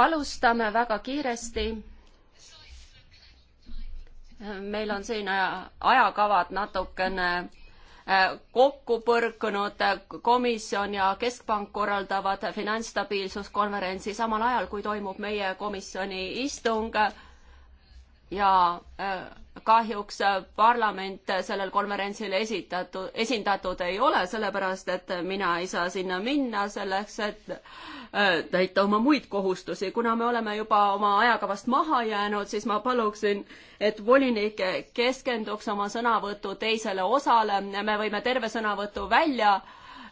alustame väga kiiresti. meil on siin ajakavad natukene äh, kokku põrkunud, komisjon ja Keskpank korraldavad finantsstabiilsuskonverentsi samal ajal, kui toimub meie komisjoni istung ja äh, kahjuks äh, parlament sellel konverentsil esitatud, esindatud ei ole, sellepärast et mina ei saa sinna minna selleks, et äh, täita oma muid kohustusi. kuna me oleme juba oma ajakavast maha jäänud, siis ma paluksin, et volinik keskenduks oma sõnavõtu teisele osale. me võime terve sõnavõtu välja äh,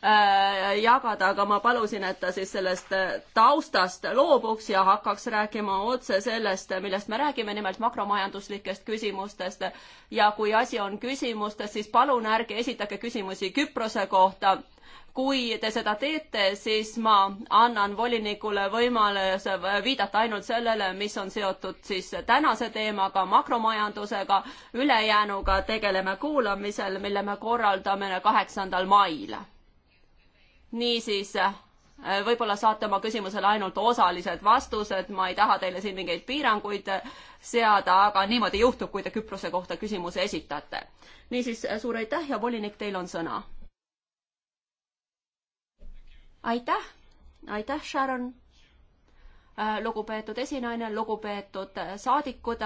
Äh, jagada, aga ma palusin, et ta siis sellest äh, taustast loobuks ja hakkaks rääkima otse sellest, millest me räägime, nimelt makromajanduslikest küsimustest. ja kui asi on küsimustes, siis palun ärge esitage küsimusi Küprose kohta. kui te seda teete, siis ma annan volinikule võimaluse viidata ainult sellele, mis on seotud siis tänase teemaga, makromajandusega. ülejäänuga tegeleme kuulamisel, mille me korraldame kaheksandal mail niisiis, äh, võib-olla saate oma küsimusele ainult osalised vastused, ma ei taha teile siin mingeid piiranguid äh, seada, aga niimoodi juhtub, kui te Küprose kohta küsimuse esitate. niisiis, äh, suur aitäh ja volinik, teil on sõna. aitäh, aitäh, Sharon. lugupeetud esinaine, lugupeetud saadikud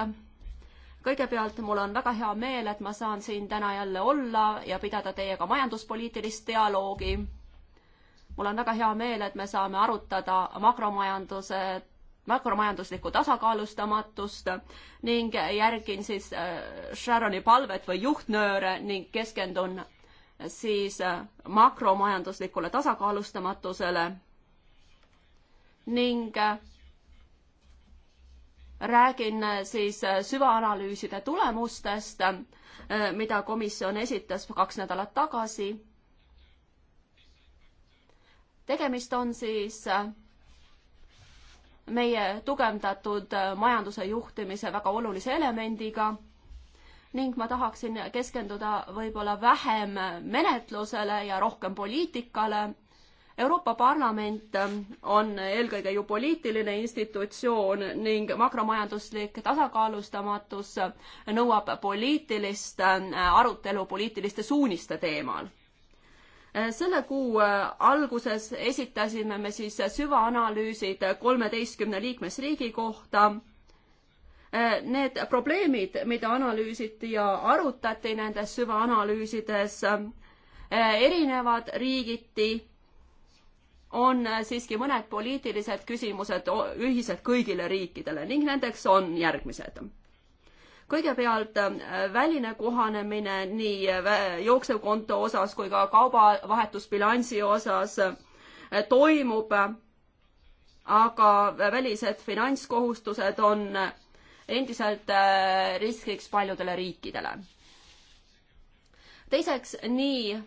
kõigepealt mul on väga hea meel, et ma saan siin täna jälle olla ja pidada teiega majanduspoliitilist dialoogi mul on väga hea meel, et me saame arutada makromajanduse, makromajanduslikku tasakaalustamatust ning järgin siis äh, Sharoni palvet või juhtnööre ning keskendun siis äh, makromajanduslikule tasakaalustamatusele ning äh, räägin siis süvaanalüüside tulemustest, mida komisjon esitas kaks nädalat tagasi tegemist on siis äh, meie tugevdatud äh, majanduse juhtimise väga olulise elemendiga ning ma tahaksin keskenduda võib-olla vähem äh, menetlusele ja rohkem poliitikale. Euroopa Parlament on eelkõige ju poliitiline institutsioon ning makromajanduslik tasakaalustamatus nõuab poliitilist arutelu poliitiliste suuniste teemal Äh, selle kuu äh, alguses esitasime me siis äh, süvaanalüüsid kolmeteistkümne liikmesriigi kohta. Need probleemid, mida analüüsiti ja arutati nendes süvaanalüüsides, erinevad riigiti, on siiski mõned poliitilised küsimused ühised kõigile riikidele ning nendeks on järgmised kõigepealt äh, väline kohanemine nii äh, jooksevkonto osas kui ka kaubavahetusbilansi osas äh, toimub, aga välised finantskohustused on endiselt riskiks paljudele riikidele. teiseks, nii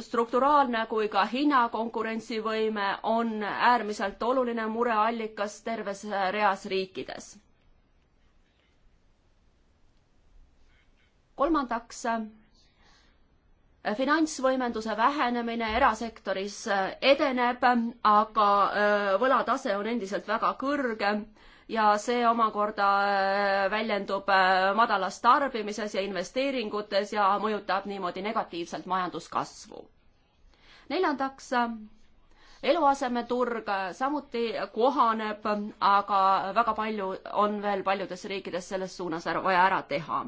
strukturaalne kui ka hinnakonkurentsivõime on äärmiselt oluline mureallikas terves reas riikides kolmandaks, finantsvõimenduse vähenemine erasektoris edeneb, aga äh, võlatase on endiselt väga kõrge ja see omakorda äh, väljendub äh, madalas tarbimises ja investeeringutes ja mõjutab niimoodi negatiivselt majanduskasvu. neljandaks, eluasemeturg samuti kohaneb, aga väga palju on veel paljudes riikides selles suunas vaja ära teha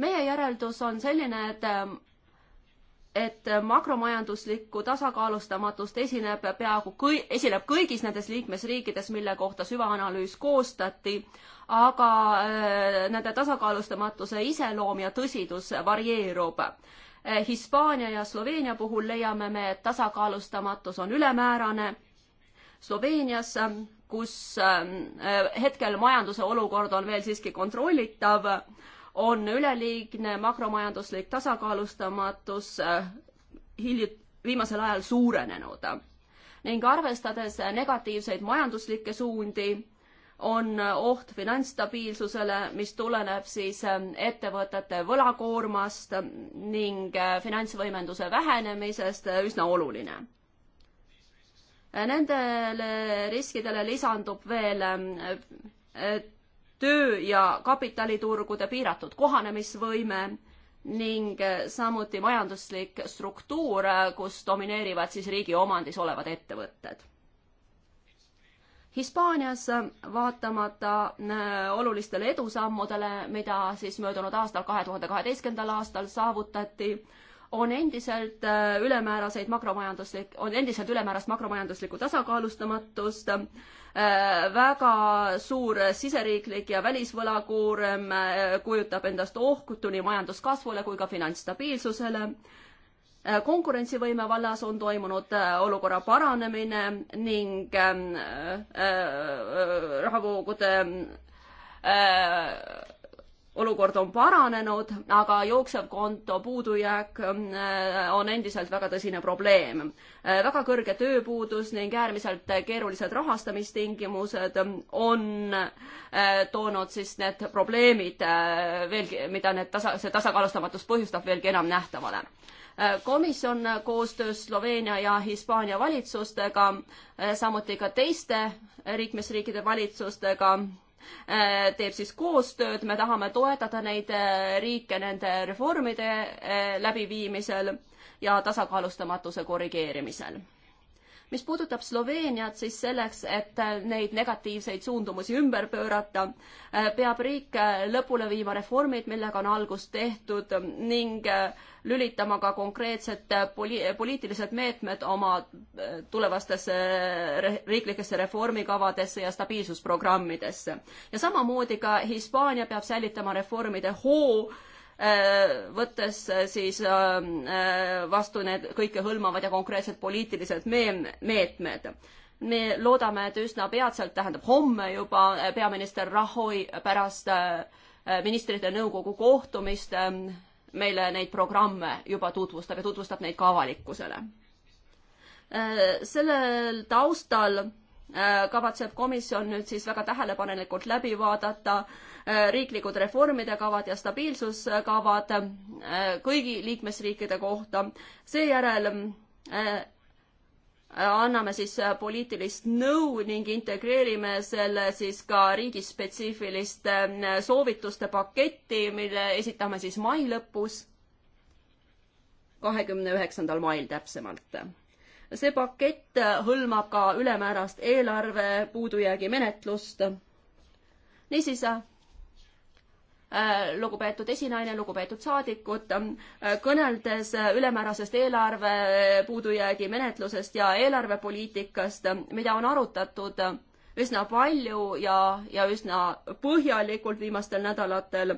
meie järeldus on selline, et et makromajanduslikku tasakaalustamatust esineb peaaegu kõi-, esineb kõigis nendes liikmesriikides, mille kohta süvaanalüüs koostati, aga äh, nende tasakaalustamatuse iseloom ja tõsidus varieerub eh, Hispaania ja Sloveenia puhul leiame me, et tasakaalustamatus on ülemäärane. Sloveenias, kus äh, hetkel majanduse olukord on veel siiski kontrollitav, on üleliigne makromajanduslik tasakaalustamatus äh, hilju-, viimasel ajal suurenenud. ning arvestades negatiivseid majanduslikke suundi, on oht finantsstabiilsusele, mis tuleneb siis äh, ettevõtete võlakoormast ning äh, finantsvõimenduse vähenemisest üsna oluline. Nendele riskidele lisandub veel töö- ja kapitaliturgude piiratud kohanemisvõime ning eh, samuti majanduslik struktuur, eh, kus domineerivad siis riigi omandis olevad ettevõtted. Hispaanias eh, vaatamata olulistele edusammudele, mida siis möödunud aastal, kahe tuhande kaheteistkümnendal aastal saavutati, on endiselt ülemääraseid makromajanduslik, on endiselt ülemäärast makromajanduslikku tasakaalustamatust Äh, väga suur siseriiklik ja välisvõlakoorem äh, kujutab endast ohkutu nii majanduskasvule kui ka finantsstabiilsusele. Äh, konkurentsivõime vallas on toimunud olukorra paranemine ning ähm, rahavoogude olukord on paranenud, aga jooksev konto puudujääk äh, on endiselt väga tõsine probleem. Äh, väga kõrge tööpuudus ning äärmiselt keerulised rahastamistingimused on äh, toonud siis need probleemid veelgi, mida need tasa, see tasakaalustamatus põhjustab, veelgi enam nähtavale komisjon koostöös Sloveenia ja Hispaania valitsustega, samuti ka teiste liikmesriikide valitsustega Äh, teeb siis koostööd, me tahame toetada neid äh, riike nende reformide äh, läbiviimisel ja tasakaalustamatuse korrigeerimisel mis puudutab Sloveeniat, siis selleks, et neid negatiivseid suundumusi ümber pöörata, peab riik lõpule viima reformid, millega on algus tehtud ning äh, lülitama ka konkreetsed poli-, poliitilised meetmed oma äh, tulevastesse re riiklikesse reformikavadesse ja stabiilsusprogrammidesse. ja samamoodi ka Hispaania peab säilitama reformide hoo, äh, võttes äh, siis vastu need kõikehõlmavad ja konkreetsed poliitilised meem-, meetmed me loodame, et üsna peatselt, tähendab homme juba peaminister Rahoi pärast ministrite nõukogu kohtumist ähm, meile neid programme juba tutvustab ja tutvustab neid ka avalikkusele. Äh, sellel taustal äh, kavatseb komisjon nüüd siis väga tähelepanelikult läbi vaadata äh, riiklikud reformide kavad ja stabiilsuskavad kõigi liikmesriikide kohta. seejärel anname siis äh, poliitilist nõu ning integreerime selle siis ka riigispetsiifiliste äh, soovituste paketti, mille esitame siis mai lõpus, kahekümne üheksandal mail täpsemalt. see pakett äh, hõlmab ka ülemäärast eelarve puudujäägi menetlust. niisiis Äh, lugupeetud esinaine, lugupeetud saadikud, äh, kõneldes äh, ülemäärasest eelarve puudujäägi menetlusest ja eelarvepoliitikast, mida on arutatud üsna palju ja, ja üsna põhjalikult viimastel nädalatel,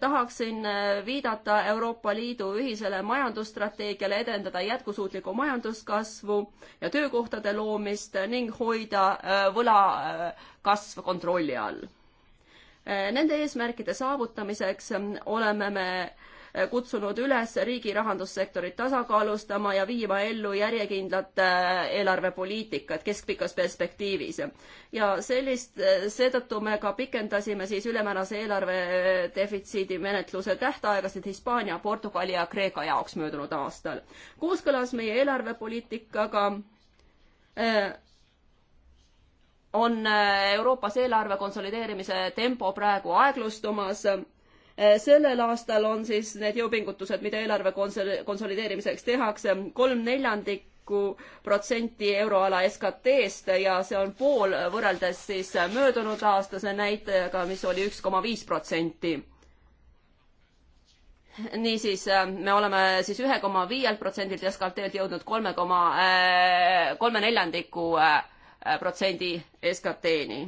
tahaksin viidata Euroopa Liidu ühisele majandusstrateegiale edendada jätkusuutlikku majanduskasvu ja töökohtade loomist ning hoida võla kasv kontrolli all Eh, nende eesmärkide saavutamiseks eh, oleme me eh, kutsunud üles riigi rahandussektorit tasakaalustama ja viima ellu järjekindlat eelarvepoliitikat keskpikas perspektiivis. ja sellist, seetõttu me ka pikendasime siis ülemäärase eelarve defitsiidi menetluse tähtaegasid Hispaania, Portugali ja Kreeka jaoks möödunud aastal. kooskõlas meie eelarvepoliitikaga äh, on äh, Euroopas eelarve konsolideerimise tempo praegu aeglustumas. Äh, sellel aastal on siis need jõupingutused, mida eelarve konsolideerimiseks tehakse, kolm neljandikku protsenti euroala SKT-st ja see on pool võrreldes siis möödunud aastase näitajaga, mis oli üks koma viis protsenti niisiis äh, me oleme siis ühe koma viielt protsendilt SKT-lt jõudnud kolme koma, kolme neljandiku äh, protsendi SKT-ni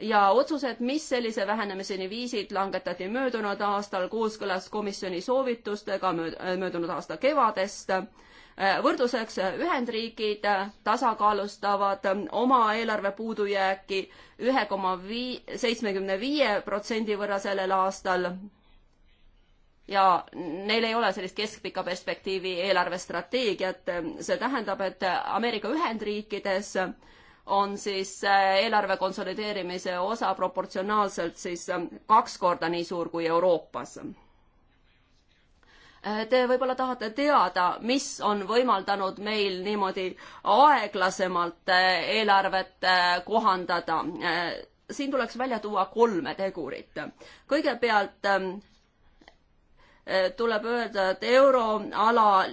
ja otsused, mis sellise vähenemiseni viisid, langetati möödunud aastal kooskõlas komisjoni soovitustega möödunud aasta kevadest. võrdluseks Ühendriigid tasakaalustavad oma eelarve puudujääki ühe koma vii-, seitsmekümne viie protsendi võrra sellel aastal. ja neil ei ole sellist keskpika perspektiivi eelarvestrateegiat, see tähendab, et Ameerika Ühendriikides on siis äh, eelarve konsolideerimise osa proportsionaalselt siis äh, kaks korda nii suur kui Euroopas. Äh, te võib-olla tahate teada, mis on võimaldanud meil niimoodi aeglasemalt eelarvet kohandada. siin tuleks välja tuua kolme tegurit. kõigepealt ähm, tuleb öelda, et euroala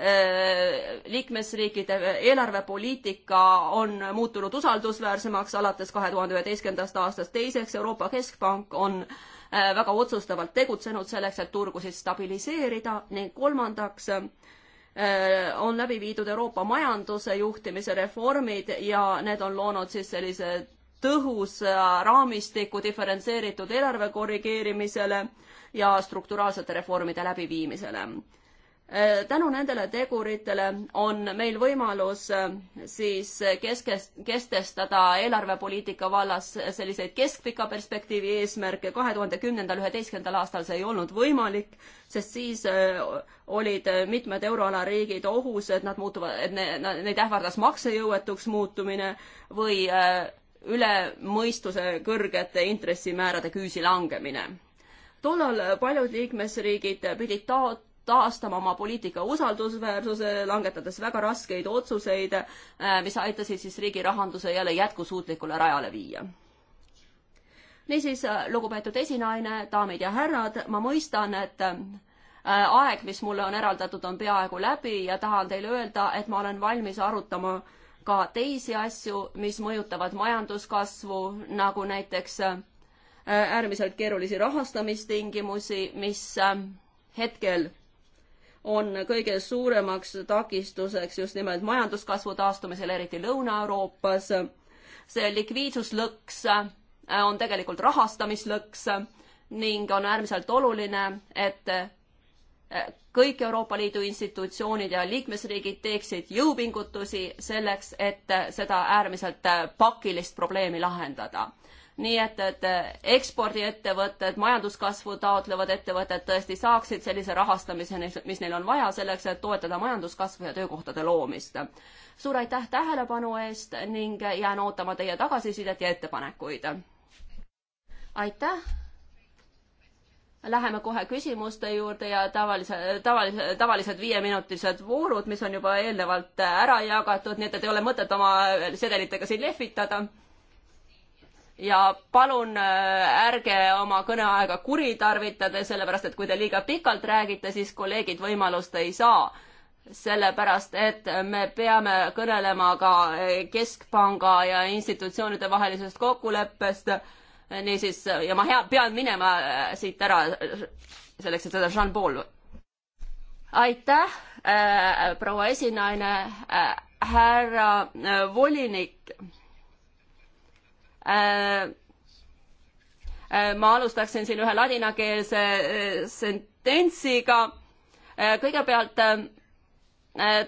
Äh, liikmesriikide eelarvepoliitika on muutunud usaldusväärsemaks alates kahe tuhande üheteistkümnendast aastast. teiseks, Euroopa Keskpank on äh, väga otsustavalt tegutsenud selleks, et turgusid stabiliseerida ning kolmandaks äh, on läbi viidud Euroopa majanduse juhtimise reformid ja need on loonud siis sellise tõhusa raamistiku diferentseeritud eelarve korrigeerimisele ja strukturaalsete reformide läbiviimisele Äh, tänu nendele teguritele on meil võimalus äh, siis keskes-, kestestada eelarvepoliitika vallas selliseid keskpika perspektiivi eesmärke, kahe tuhande kümnendal, üheteistkümnendal aastal see ei olnud võimalik, sest siis äh, olid mitmed euroala riigid ohus, et nad muutuvad, et ne, neid ähvardas maksejõuetuks muutumine või üle mõistuse kõrgete intressimäärade küüsi langemine. tollal paljud liikmesriigid pidid taot-, taastama oma poliitika usaldusväärsuse, langetades väga raskeid otsuseid, äh, mis aitasid siis riigi rahanduse jälle jätkusuutlikule rajale viia. niisiis, lugupeetud esinaine, daamid ja härrad, ma mõistan, et äh, aeg, mis mulle on eraldatud, on peaaegu läbi ja tahan teile öelda, et ma olen valmis arutama ka teisi asju, mis mõjutavad majanduskasvu, nagu näiteks äh, äärmiselt keerulisi rahastamistingimusi, mis hetkel on kõige suuremaks takistuseks just nimelt majanduskasvu taastumisel, eriti Lõuna-Euroopas. see likviidsuslõks äh, on tegelikult rahastamislõks ning on äärmiselt oluline, et äh, kõik Euroopa Liidu institutsioonid ja liikmesriigid teeksid jõupingutusi selleks, et äh, seda äärmiselt pakilist probleemi lahendada nii et, et ekspordiettevõtted, majanduskasvu taotlevad ettevõtted tõesti saaksid sellise rahastamise, mis neil on vaja selleks, et toetada majanduskasvu ja töökohtade loomist. suur aitäh tähelepanu eest ning jään ootama teie tagasisidet ja ettepanekuid. aitäh. Läheme kohe küsimuste juurde ja tavalise, tavalise, tavalised viieminutilised voorud, mis on juba eelnevalt ära jagatud, nii et, et ei ole mõtet oma sedelitega siin lehvitada ja palun äh, ärge oma kõneaega kuritarvitage, sellepärast et kui te liiga pikalt räägite, siis kolleegid võimalust ei saa. sellepärast, et me peame kõnelema ka äh, Keskpanga ja institutsioonide vahelisest kokkuleppest, niisiis, ja ma hea, pean minema äh, siit ära, selleks, et seda Jean-Paul. aitäh äh,, proua esinaine äh,, härra äh, volinik Äh, äh, ma alustaksin siin ühe ladinakeelse äh, sententsiga. kõigepealt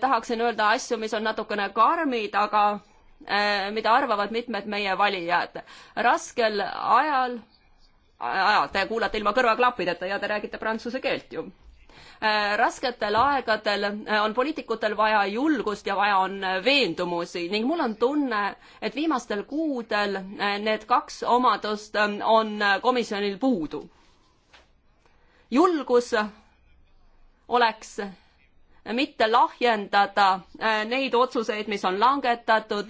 tahaksin öelda asju, mis on natukene karmid, aga mida arvavad mitmed meie valijad. raskel ajal, te kuulate ilma kõrvaklappideta ja te räägite prantsuse keelt ju Äh, rasketel aegadel äh, on poliitikutel vaja julgust ja vaja on äh, veendumusi ning mul on tunne, et viimastel kuudel need kaks omadust ähm, on komisjonil puudu. julgus oleks mitte lahjendada neid otsuseid, mis on langetatud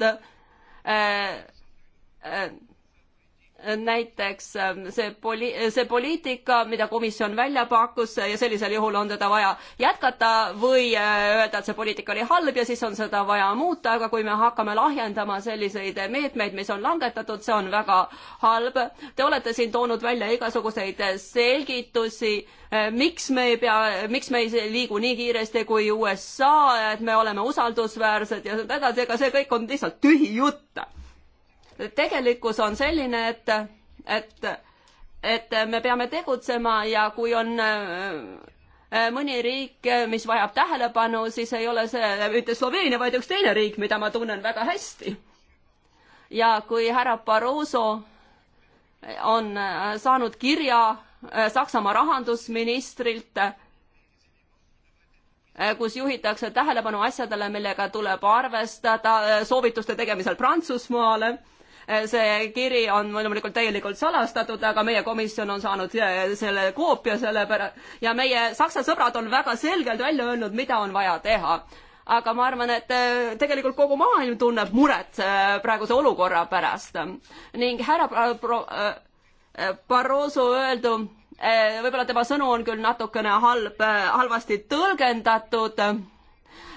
näiteks ähm, see poli-, see poliitika, mida komisjon välja pakkus äh, ja sellisel juhul on teda vaja jätkata või äh, öelda, et see poliitika oli halb ja siis on seda vaja muuta, aga kui me hakkame lahjendama selliseid meetmeid, mis on langetatud, see on väga halb. Te olete siin toonud välja igasuguseid selgitusi, äh, miks me ei pea, miks me ei liigu nii kiiresti kui USA, et me oleme usaldusväärsed ja nii edasi, ega see kõik on lihtsalt tühi jutt tegelikkus on selline, et, et, et me peame tegutsema ja kui on äh, äh, mõni riik, mis vajab tähelepanu, siis ei ole see mitte Sloveenia, vaid üks teine riik, mida ma tunnen väga hästi. ja kui härra Barroso on äh, saanud kirja Saksamaa rahandusministrilt, kus juhitakse tähelepanu asjadele, millega tuleb arvestada soovituste tegemisel Prantsusmaale Eh, see kiri on loomulikult täielikult salastatud, aga meie komisjon on saanud eh, selle koopia selle pärast ja meie saksa sõbrad on väga selgelt välja öelnud, mida on vaja teha aga ma arvan, et eh, tegelikult kogu maailm tunneb muret praeguse olukorra pärast ning härra Barroso öeldu, võib-olla tema sõnu on küll natukene halb, halvasti tõlgendatud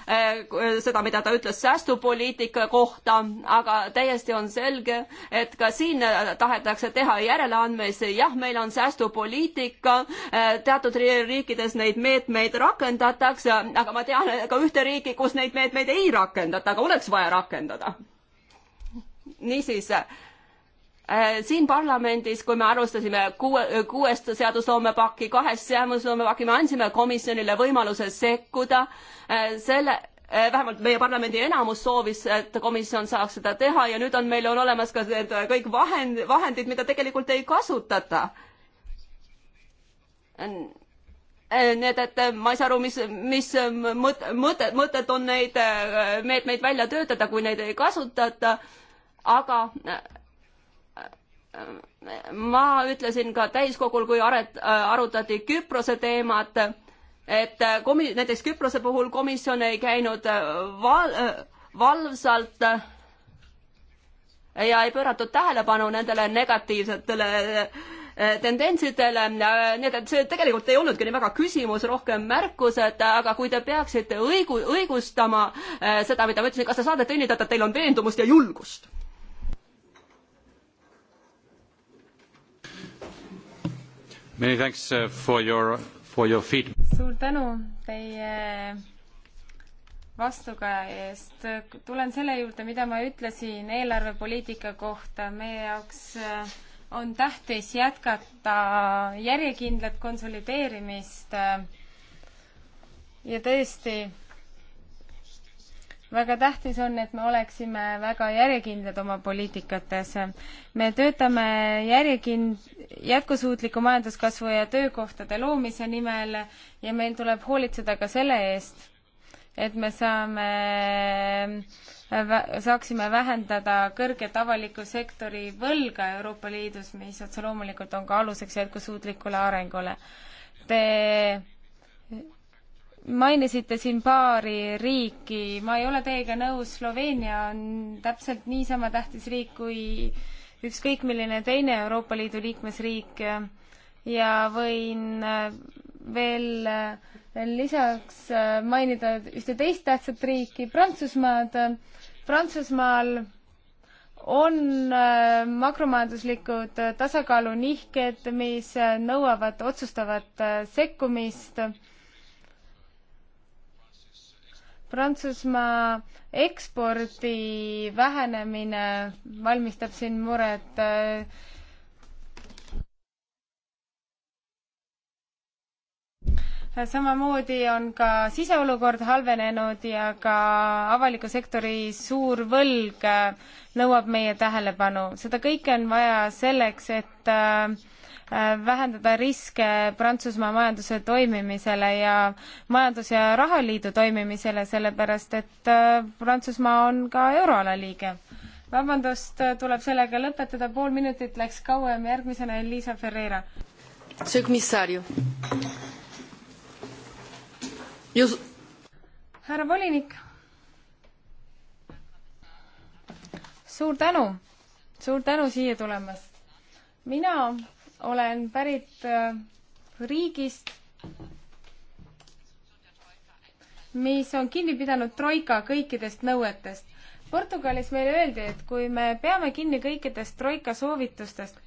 Äh, seda, mida ta ütles säästupoliitika kohta, aga täiesti on selge, et ka siin äh, tahetakse teha järeleandmisi, jah, meil on säästupoliitika, äh, teatud riikides neid meetmeid rakendatakse, aga ma tean ka ühte riiki, kus neid meetmeid ei rakendata, aga oleks vaja rakendada. niisiis Äh, siin parlamendis, kui me alustasime kuue, kuuest seadusloomepaki, kahest seadusloomepaki, me andsime komisjonile võimaluse sekkuda äh, selle, äh, vähemalt meie parlamendi enamus soovis, et komisjon saaks seda teha ja nüüd on meil on olemas ka need kõik vahend, vahendid, mida tegelikult ei kasutata. Need, et ma ei saa aru, mis, mis mõt-, mõtet, mõtet on neid meetmeid välja töötada, kui neid ei kasutata, aga ma ütlesin ka täiskogul, kui aret-, äh, arutati Küprose teemat, et komi-, näiteks Küprose puhul komisjon ei käinud äh, val-, äh, valvsalt ja ei pööratud tähelepanu nendele negatiivsetele tendentsidele, nii et, et see tegelikult ei olnudki nii väga küsimus, rohkem märkused, aga kui te peaksite õigu-, õigustama seda, mida ma ütlesin, kas te saate teenida, et teil on veendumust ja julgust? Many thanks uh, for your, for your feedback. suur tänu teie vastukaja eest. tulen selle juurde, mida ma ütlesin eelarvepoliitika kohta. meie jaoks äh, on tähtis jätkata järjekindlat konsolideerimist. ja tõesti väga tähtis on, et me oleksime väga järjekindlad oma poliitikates. me töötame järjekind-, jätkusuutliku majanduskasvu ja töökohtade loomise nimel ja meil tuleb hoolitseda ka selle eest, et me saame, saaksime vähendada kõrget avaliku sektori võlga Euroopa Liidus, mis otse loomulikult on ka aluseks jätkusuutlikule arengule. Te mainisite siin paari riiki, ma ei ole teiega nõus, Sloveenia on täpselt niisama tähtis riik kui ükskõik milline teine Euroopa Liidu liikmesriik ja võin äh, veel äh, lisaks äh, mainida ühte teist tähtsat riiki, Prantsusmaad. Prantsusmaal on makromajanduslikud tasakaalunihked, mis nõuavad otsustavat sekkumist Prantsusmaa ekspordi vähenemine valmistab siin muret samamoodi on ka siseolukord halvenenud ja ka avaliku sektori suur võlg äh, nõuab meie tähelepanu. seda kõike on vaja selleks, et äh, äh, vähendada riske Prantsusmaa majanduse toimimisele ja majandus- ja rahaliidu toimimisele, sellepärast et Prantsusmaa on ka euroala liige. vabandust, tuleb sellega lõpetada, pool minutit läks kauem, järgmisena Elisa Ferreira. Senhor Comissário, Just... härra volinik. suur tänu, suur tänu siia tulemast. mina olen pärit äh, riigist, mis on kinni pidanud troika kõikidest nõuetest. Portugalis meile öeldi, et kui me peame kinni kõikidest troika soovitustest,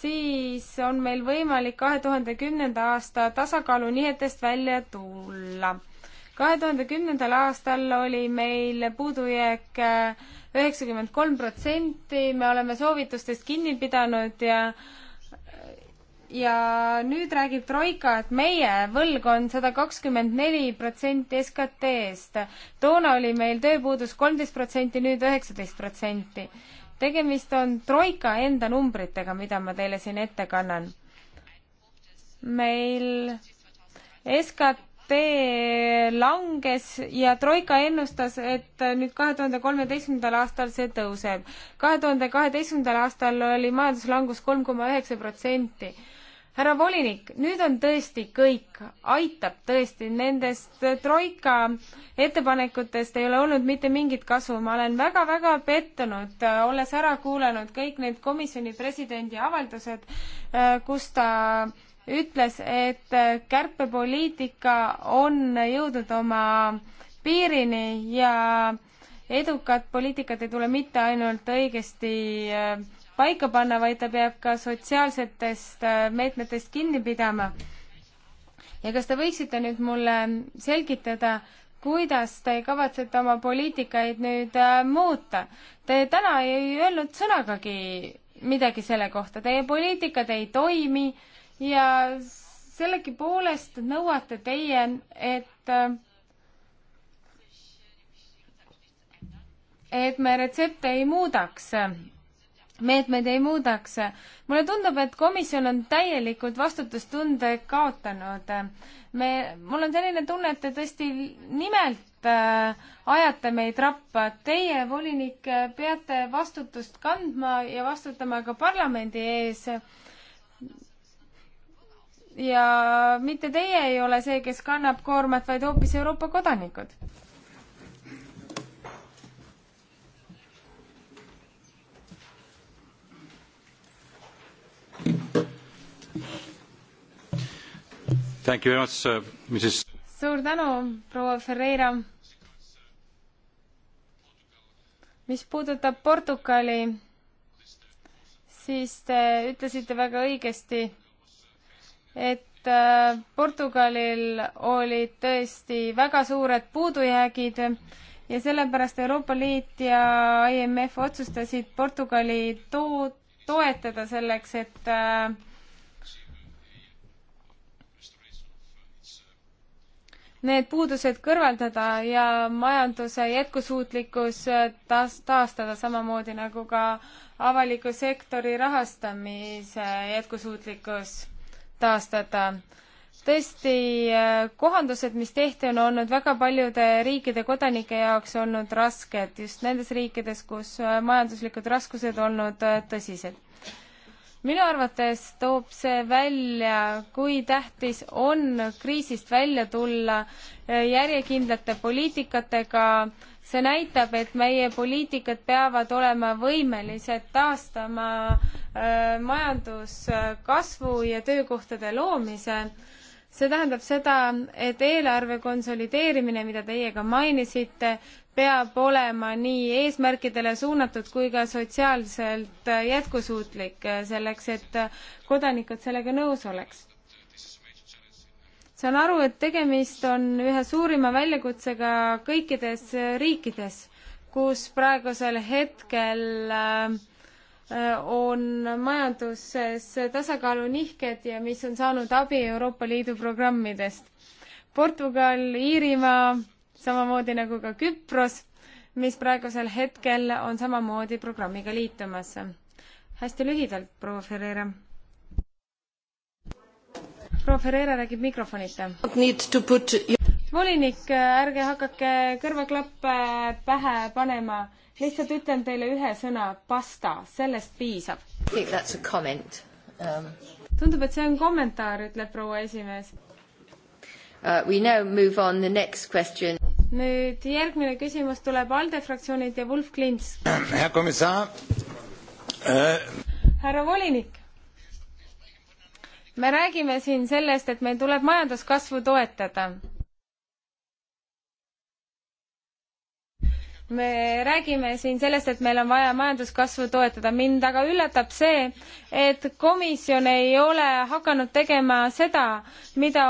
siis on meil võimalik kahe tuhande kümnenda aasta tasakaalu nihetest välja tulla. kahe tuhande kümnendal aastal oli meil puudujääk äh, üheksakümmend kolm protsenti, me oleme soovitustest kinni pidanud ja ja nüüd räägib Troika, et meie võlg on sada kakskümmend neli protsenti SKT-st. toona oli meil tööpuudus kolmteist protsenti, nüüd üheksateist protsenti tegemist on Troika enda numbritega, mida ma teile siin ette kannan. meil SKT langes ja Troika ennustas, et nüüd kahe tuhande kolmeteistkümnendal aastal see tõuseb. kahe tuhande kaheteistkümnendal aastal oli majanduslangus kolm koma üheksa protsenti härra volinik, nüüd on tõesti kõik, aitab tõesti, nendest troika ettepanekutest ei ole olnud mitte mingit kasu, ma olen väga-väga pettunud, olles ära kuulanud kõik need komisjoni presidendi avaldused, kus ta ütles, et kärpepoliitika on jõudnud oma piirini ja edukat poliitikat ei tule mitte ainult õigesti äh, paika panna, vaid ta peab ka sotsiaalsetest äh, meetmetest kinni pidama. ja kas te võiksite nüüd mulle selgitada, kuidas te kavatsete oma poliitikaid nüüd äh, muuta? Te täna ei öelnud sõnagagi midagi selle kohta, teie poliitikad ei toimi ja sellegipoolest nõuate teie, et äh, et me retsepte ei muudaks meetmeid ei muudaks. mulle tundub, et komisjon on täielikult vastutustunde kaotanud. me, mul on selline tunne, et te tõesti nimelt äh, ajate meid rappa. Teie, volinik, peate vastutust kandma ja vastutama ka parlamendi ees ja mitte teie ei ole see, kes kannab koormat, vaid hoopis Euroopa kodanikud. suur tänu, proua Ferreira. mis puudutab Portugali, siis te ütlesite väga õigesti, et äh, Portugalil olid tõesti väga suured puudujäägid ja sellepärast Euroopa Liit ja IMF otsustasid Portugali to-, toetada selleks, et äh, need puudused kõrvaldada ja majanduse jätkusuutlikkus äh, taas, taastada, samamoodi nagu ka avaliku sektori rahastamise jätkusuutlikkus taastada. tõesti, äh, kohandused, mis tehti, on olnud väga paljude riikide kodanike jaoks olnud rasked, just nendes riikides, kus äh, majanduslikud raskused olnud tõsised minu arvates toob see välja, kui tähtis on kriisist välja tulla järjekindlate poliitikatega. see näitab, et meie poliitikad peavad olema võimelised taastama äh, majanduskasvu ja töökohtade loomise see tähendab seda, et eelarve konsolideerimine, mida teie ka mainisite, peab olema nii eesmärkidele suunatud kui ka sotsiaalselt jätkusuutlik, selleks et kodanikud sellega nõus oleks. saan aru, et tegemist on ühe suurima väljakutsega kõikides riikides, kus praegusel hetkel äh, Äh, on majanduses tasakaalunihked ja mis on saanud abi Euroopa Liidu programmidest. Portugal, Iirimaa, samamoodi nagu ka Küpros, mis praegusel hetkel on samamoodi programmiga liitumas. hästi lühidalt, proua Ferreira. proua Ferreira räägib mikrofonita. volinik, ärge hakake kõrvaklappe pähe panema lihtsalt ütlen teile ühe sõna, pasta, sellest piisab. Um... tundub, et see on kommentaar, ütleb proua esimees uh,. We now move on the next question. nüüd järgmine küsimus tuleb ALDE fraktsioonilt ja Wolf Klints. hea komissar äh.... härra volinik me räägime siin sellest, et meil tuleb majanduskasvu toetada me räägime siin sellest, et meil on vaja majanduskasvu toetada. mind aga üllatab see, et komisjon ei ole hakanud tegema seda, mida,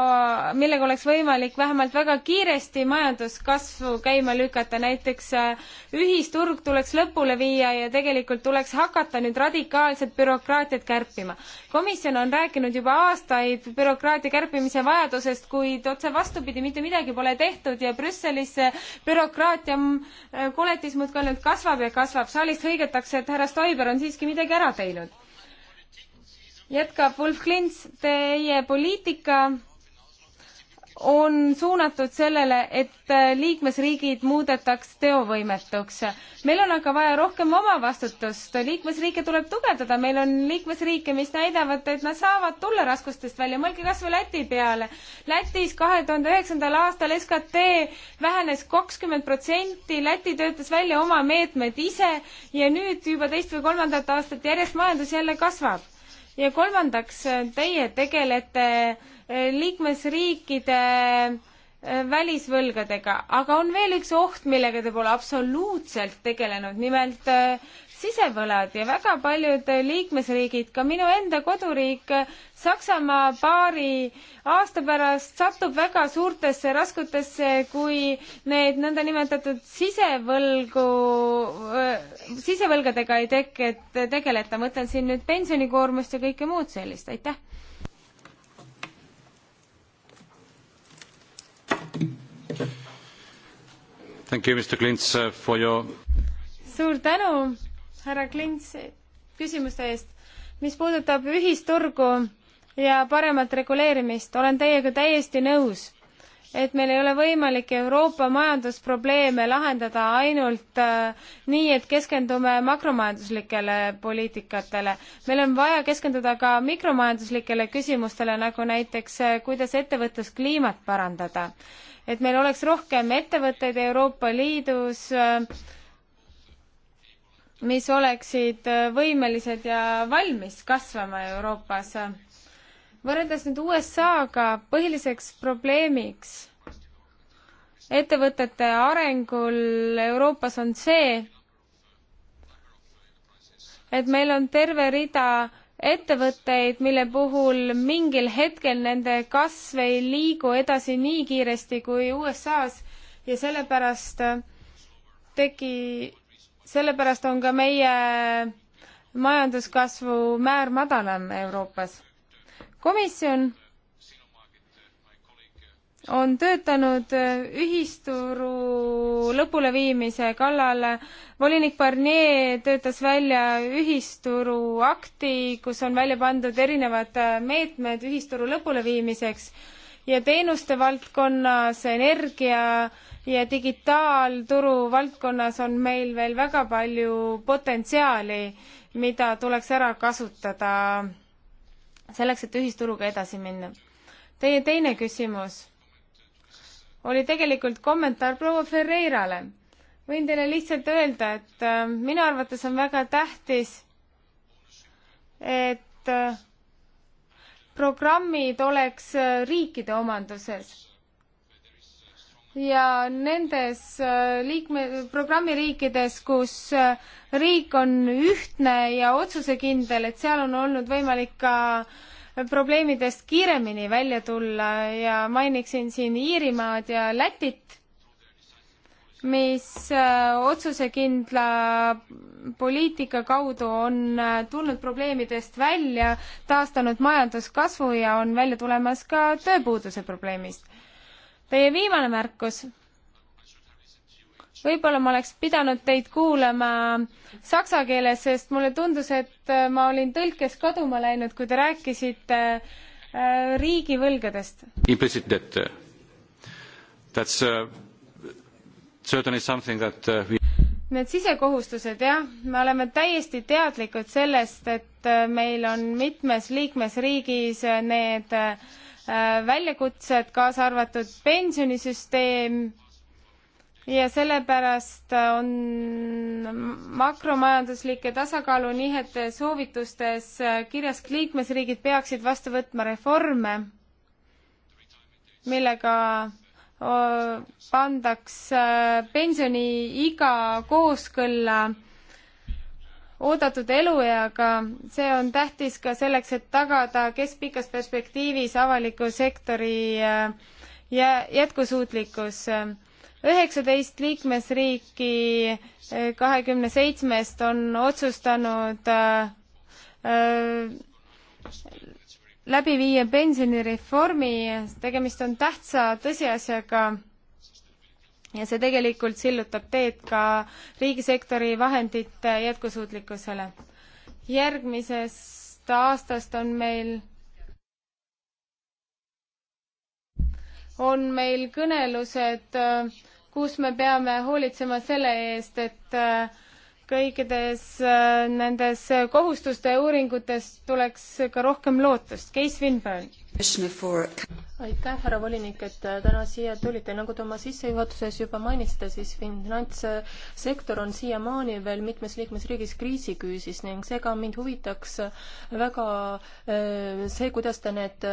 millega oleks võimalik vähemalt väga kiiresti majanduskasvu käima lükata. näiteks äh, ühisturg tuleks lõpule viia ja tegelikult tuleks hakata nüüd radikaalselt bürokraatiat kärpima. komisjon on rääkinud juba aastaid bürokraatia kärpimise vajadusest, kuid otse vastupidi, mitte midagi pole tehtud ja Brüsselis bürokraatia mm, koletis muudkui ainult kasvab ja kasvab, saalist hõigetakse, et härra Stoiber on siiski midagi ära teinud. jätkab Wolf Klints, teie poliitika on suunatud sellele, et liikmesriigid muudetaks teovõimetuks. meil on aga vaja rohkem oma vastutust, liikmesriike tuleb tugevdada, meil on liikmesriike, mis näidavad, et nad saavad tulla raskustest välja, mõelge kas või Läti peale. Lätis kahe tuhande üheksandal aastal SKT vähenes kakskümmend protsenti, Läti töötas välja oma meetmed ise ja nüüd juba teist või kolmandat aastat järjest majandus jälle kasvab. ja kolmandaks, teie tegelete äh, liikmesriikide äh, välisvõlgadega, aga on veel üks oht, millega te pole absoluutselt tegelenud, nimelt äh, sisevõlad ja väga paljud liikmesriigid, ka minu enda koduriik Saksamaa paari aasta pärast satub väga suurtesse raskutesse, kui need nõndanimetatud sisevõlgu, äh, sisevõlgadega ei teke-, tegeleta, mõtlen siin nüüd pensionikoormust ja kõike muud sellist, aitäh Uh, your... suur tänu, härra Klints, küsimuste eest. mis puudutab ühisturgu ja paremat reguleerimist, olen teiega täiesti nõus, et meil ei ole võimalik Euroopa majandusprobleeme lahendada ainult äh, nii, et keskendume makromajanduslikele poliitikatele. meil on vaja keskenduda ka mikromajanduslikele küsimustele, nagu näiteks äh,, kuidas ettevõtluskliimat parandada et meil oleks rohkem ettevõtteid Euroopa Liidus, mis oleksid võimelised ja valmis kasvama Euroopas. võrreldes nüüd USA-ga põhiliseks probleemiks ettevõtete arengul Euroopas on see, et meil on terve rida ettevõtteid, mille puhul mingil hetkel nende kasv ei liigu edasi nii kiiresti kui USA-s ja sellepärast äh, tegi, sellepärast on ka meie majanduskasvu määr madalam Euroopas. komisjon on töötanud äh, ühisturu lõpuleviimise kallal. volinik Barnier töötas välja ühisturu akti, kus on välja pandud erinevad äh, meetmed ühisturu lõpuleviimiseks ja teenuste valdkonnas, energia ja digitaalturu valdkonnas on meil veel väga palju potentsiaali, mida tuleks ära kasutada selleks, et ühisturuga edasi minna. Teie teine küsimus oli tegelikult kommentaar proua Ferreirale. võin teile lihtsalt öelda, et äh, minu arvates on väga tähtis, et äh, programmid oleks äh, riikide omanduses ja nendes liikme, programmiriikides, kus riik on ühtne ja otsusekindel, et seal on olnud võimalik ka äh, probleemidest kiiremini välja tulla ja mainiksin siin Iirimaad ja Lätit, mis äh, otsusekindla poliitika kaudu on äh, tulnud probleemidest välja, taastanud majanduskasvu ja on välja tulemas ka tööpuuduse probleemist. Teie viimane märkus võib-olla ma oleks pidanud teid kuulama saksa keeles, sest mulle tundus, et äh, ma olin tõlkes kaduma läinud, kui te rääkisite äh, riigivõlgadest. Implicit debt. Uh, that's uh, certainly something that uh, we Need sisekohustused, jah, me oleme täiesti teadlikud sellest, et äh, meil on mitmes liikmesriigis need väljakutsed, kaasa arvatud pensionisüsteem ja sellepärast on makromajanduslike tasakaalunihete soovitustes kirjas, et liikmesriigid peaksid vastu võtma reforme, millega pandaks äh, pensioniiga kooskõlla oodatud elueaga, see on tähtis ka selleks, et tagada keskpikas perspektiivis avaliku sektori äh, jätkusuutlikkus üheksateist liikmesriiki kahekümne seitsmest on otsustanud äh, läbi viia pensionireformi, tegemist on tähtsa tõsiasjaga ja see tegelikult sillutab teed ka riigisektori vahendite jätkusuutlikkusele. järgmisest aastast on meil on meil kõnelused, kus me peame hoolitsema selle eest, et äh, kõikides äh, nendes kohustuste uuringutes tuleks ka rohkem lootust. Keis Winburn aitäh, härra volinik, et äh, täna siia tulite. nagu te oma sissejuhatuses juba mainisite, siis finantssektor on siiamaani veel mitmes liikmesriigis kriisiküüsis ning seega mind huvitaks äh, väga äh, see, kuidas te need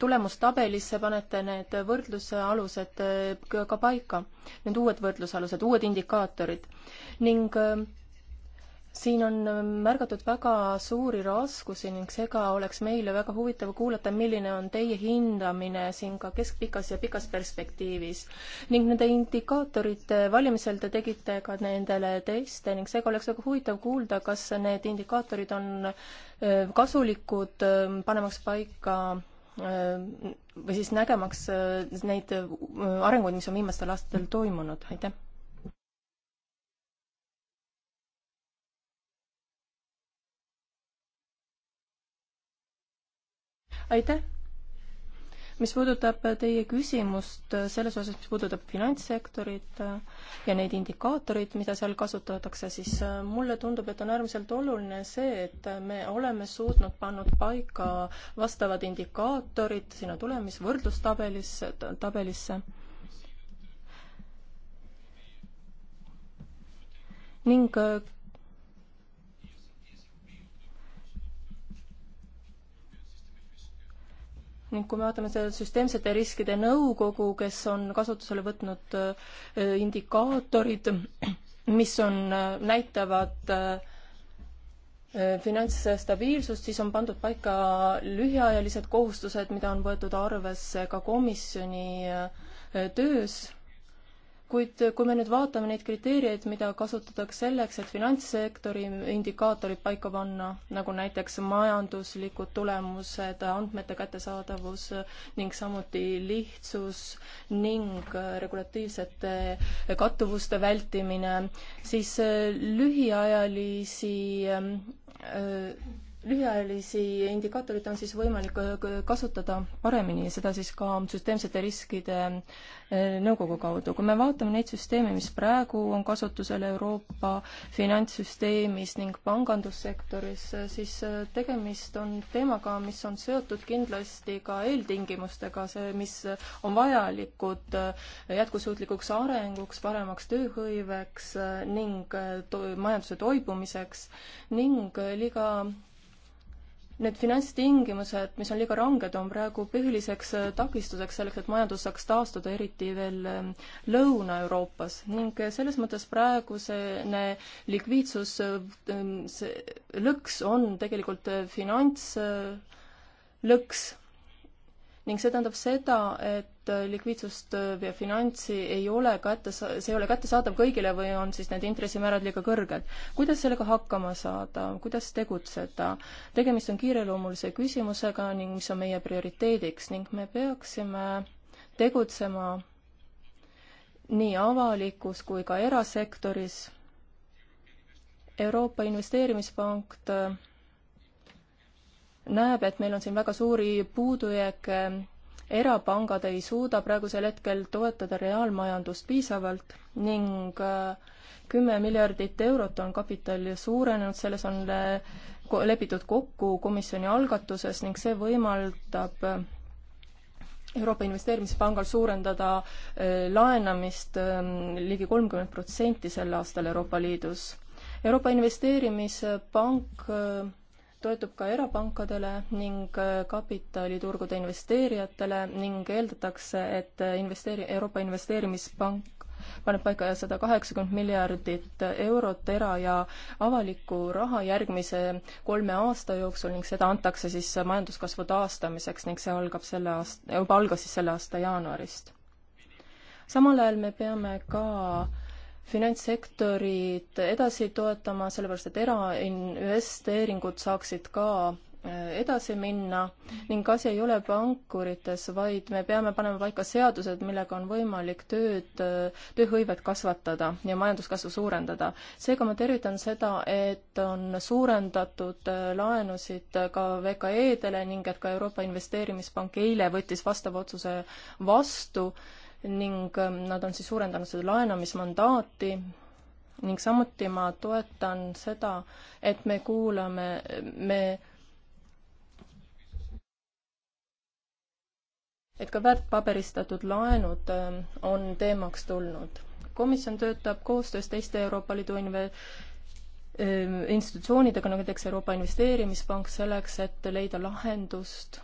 tulemustabelisse panete need võrdluse alused ka paika, need uued võrdlusalused, uued indikaatorid ning siin on ähm, märgatud väga suuri raskusi ning seega oleks meile väga huvitav kuulata, milline on teie hindamine siin ka keskpikas ja pikas perspektiivis. ning nende indikaatorite valimisel te tegite ka nendele teste ning seega oleks väga huvitav kuulda, kas need indikaatorid on äh, kasulikud, ähm, panemaks paika äh, või siis nägemaks äh, neid arenguid, mis on viimastel aastatel toimunud, aitäh aitäh! mis puudutab teie küsimust selles osas, mis puudutab finantssektorit ja neid indikaatoreid, mida seal kasutatakse, siis mulle tundub, et on äärmiselt oluline see, et me oleme suutnud pannud paika vastavad indikaatorid sinna tulemis-, võrdlustabelisse, tabelisse. ning ning kui me vaatame seda süsteemsete riskide nõukogu, kes on kasutusele võtnud äh, indikaatorid, mis on, äh, näitavad äh, finantsstabiilsust, siis on pandud paika lühiajalised kohustused, mida on võetud arvesse ka komisjoni töös kuid äh, kui me nüüd vaatame neid kriteeriumeid, mida kasutatakse selleks, et finantssektori indikaatorid paika panna, nagu näiteks majanduslikud tulemused, andmete kättesaadavus äh, ning samuti lihtsus ning äh, regulatiivsete kattuvuste vältimine, siis lühiajalisi ähm, lühiajalisi indikaatoreid on siis võimalik äh, kasutada paremini ja seda siis ka süsteemsete riskide äh, nõukogu kaudu. kui me vaatame neid süsteeme, mis praegu on kasutusel Euroopa finantssüsteemis ning pangandussektoris, äh, siis tegemist on teemaga, mis on seotud kindlasti ka eeltingimustega, see, mis on vajalikud jätkusuutlikuks arenguks, paremaks tööhõiveks ning to majanduse toibumiseks ning liiga Need finantstingimused, mis on liiga ranged, on praegu põhiliseks äh, takistuseks selleks, et majandus saaks taastuda, eriti veel ähm, Lõuna-Euroopas. ning äh, selles mõttes praegusene likviidsus, äh, ähm, see lõks on tegelikult finantslõks ning see tähendab seda, et et äh, likviidsust äh, ja finantsi ei ole kätte, see ei ole kättesaadav kõigile või on siis need intressimäärad liiga kõrged. kuidas sellega hakkama saada, kuidas tegutseda? tegemist on kiireloomulise küsimusega ning mis on meie prioriteediks ning me peaksime tegutsema nii avalikus kui ka erasektoris. Euroopa Investeerimispank äh, näeb, et meil on siin väga suuri puudujääke erapangad ei suuda praegusel hetkel toetada reaalmajandust piisavalt ning äh, kümme miljardit eurot on kapital suurenenud, selles on lepitud kokku komisjoni algatuses ning see võimaldab äh, Euroopa Investeerimispangal suurendada äh, laenamist ähm, ligi kolmkümmend protsenti sel aastal Euroopa Liidus. Euroopa Investeerimispank toetub ka erapankadele ning äh, kapitaliturgude investeerijatele ning eeldatakse, et investeeri-, Euroopa Investeerimispank paneb paika sada kaheksakümmend miljardit eurot era- ja avalikku raha järgmise kolme aasta jooksul ning seda antakse siis majanduskasvu taastamiseks ning see algab selle aasta, juba algas siis selle aasta jaanuarist. samal ajal me peame ka finantssektorit edasi toetama, sellepärast et erainvesteeringud saaksid ka äh, edasi minna ning asi ei ole pankurites, vaid me peame panema paika seadused, millega on võimalik tööd, äh, tööhõivet kasvatada ja majanduskasvu suurendada. seega ma tervitan seda, et on suurendatud äh, laenusid ka VKE-dele ning et ka Euroopa Investeerimispank eile võttis vastava otsuse vastu ning ähm, nad on siis suurendanud seda laenamismandaati ning samuti ma toetan seda, et me kuulame, me et ka väärtpaberistatud laenud ähm, on teemaks tulnud. komisjon töötab koostöös teiste Euroopa Liidu inve-, ähm, institutsioonidega, nagu näiteks Euroopa Investeerimispank, selleks, et leida lahendust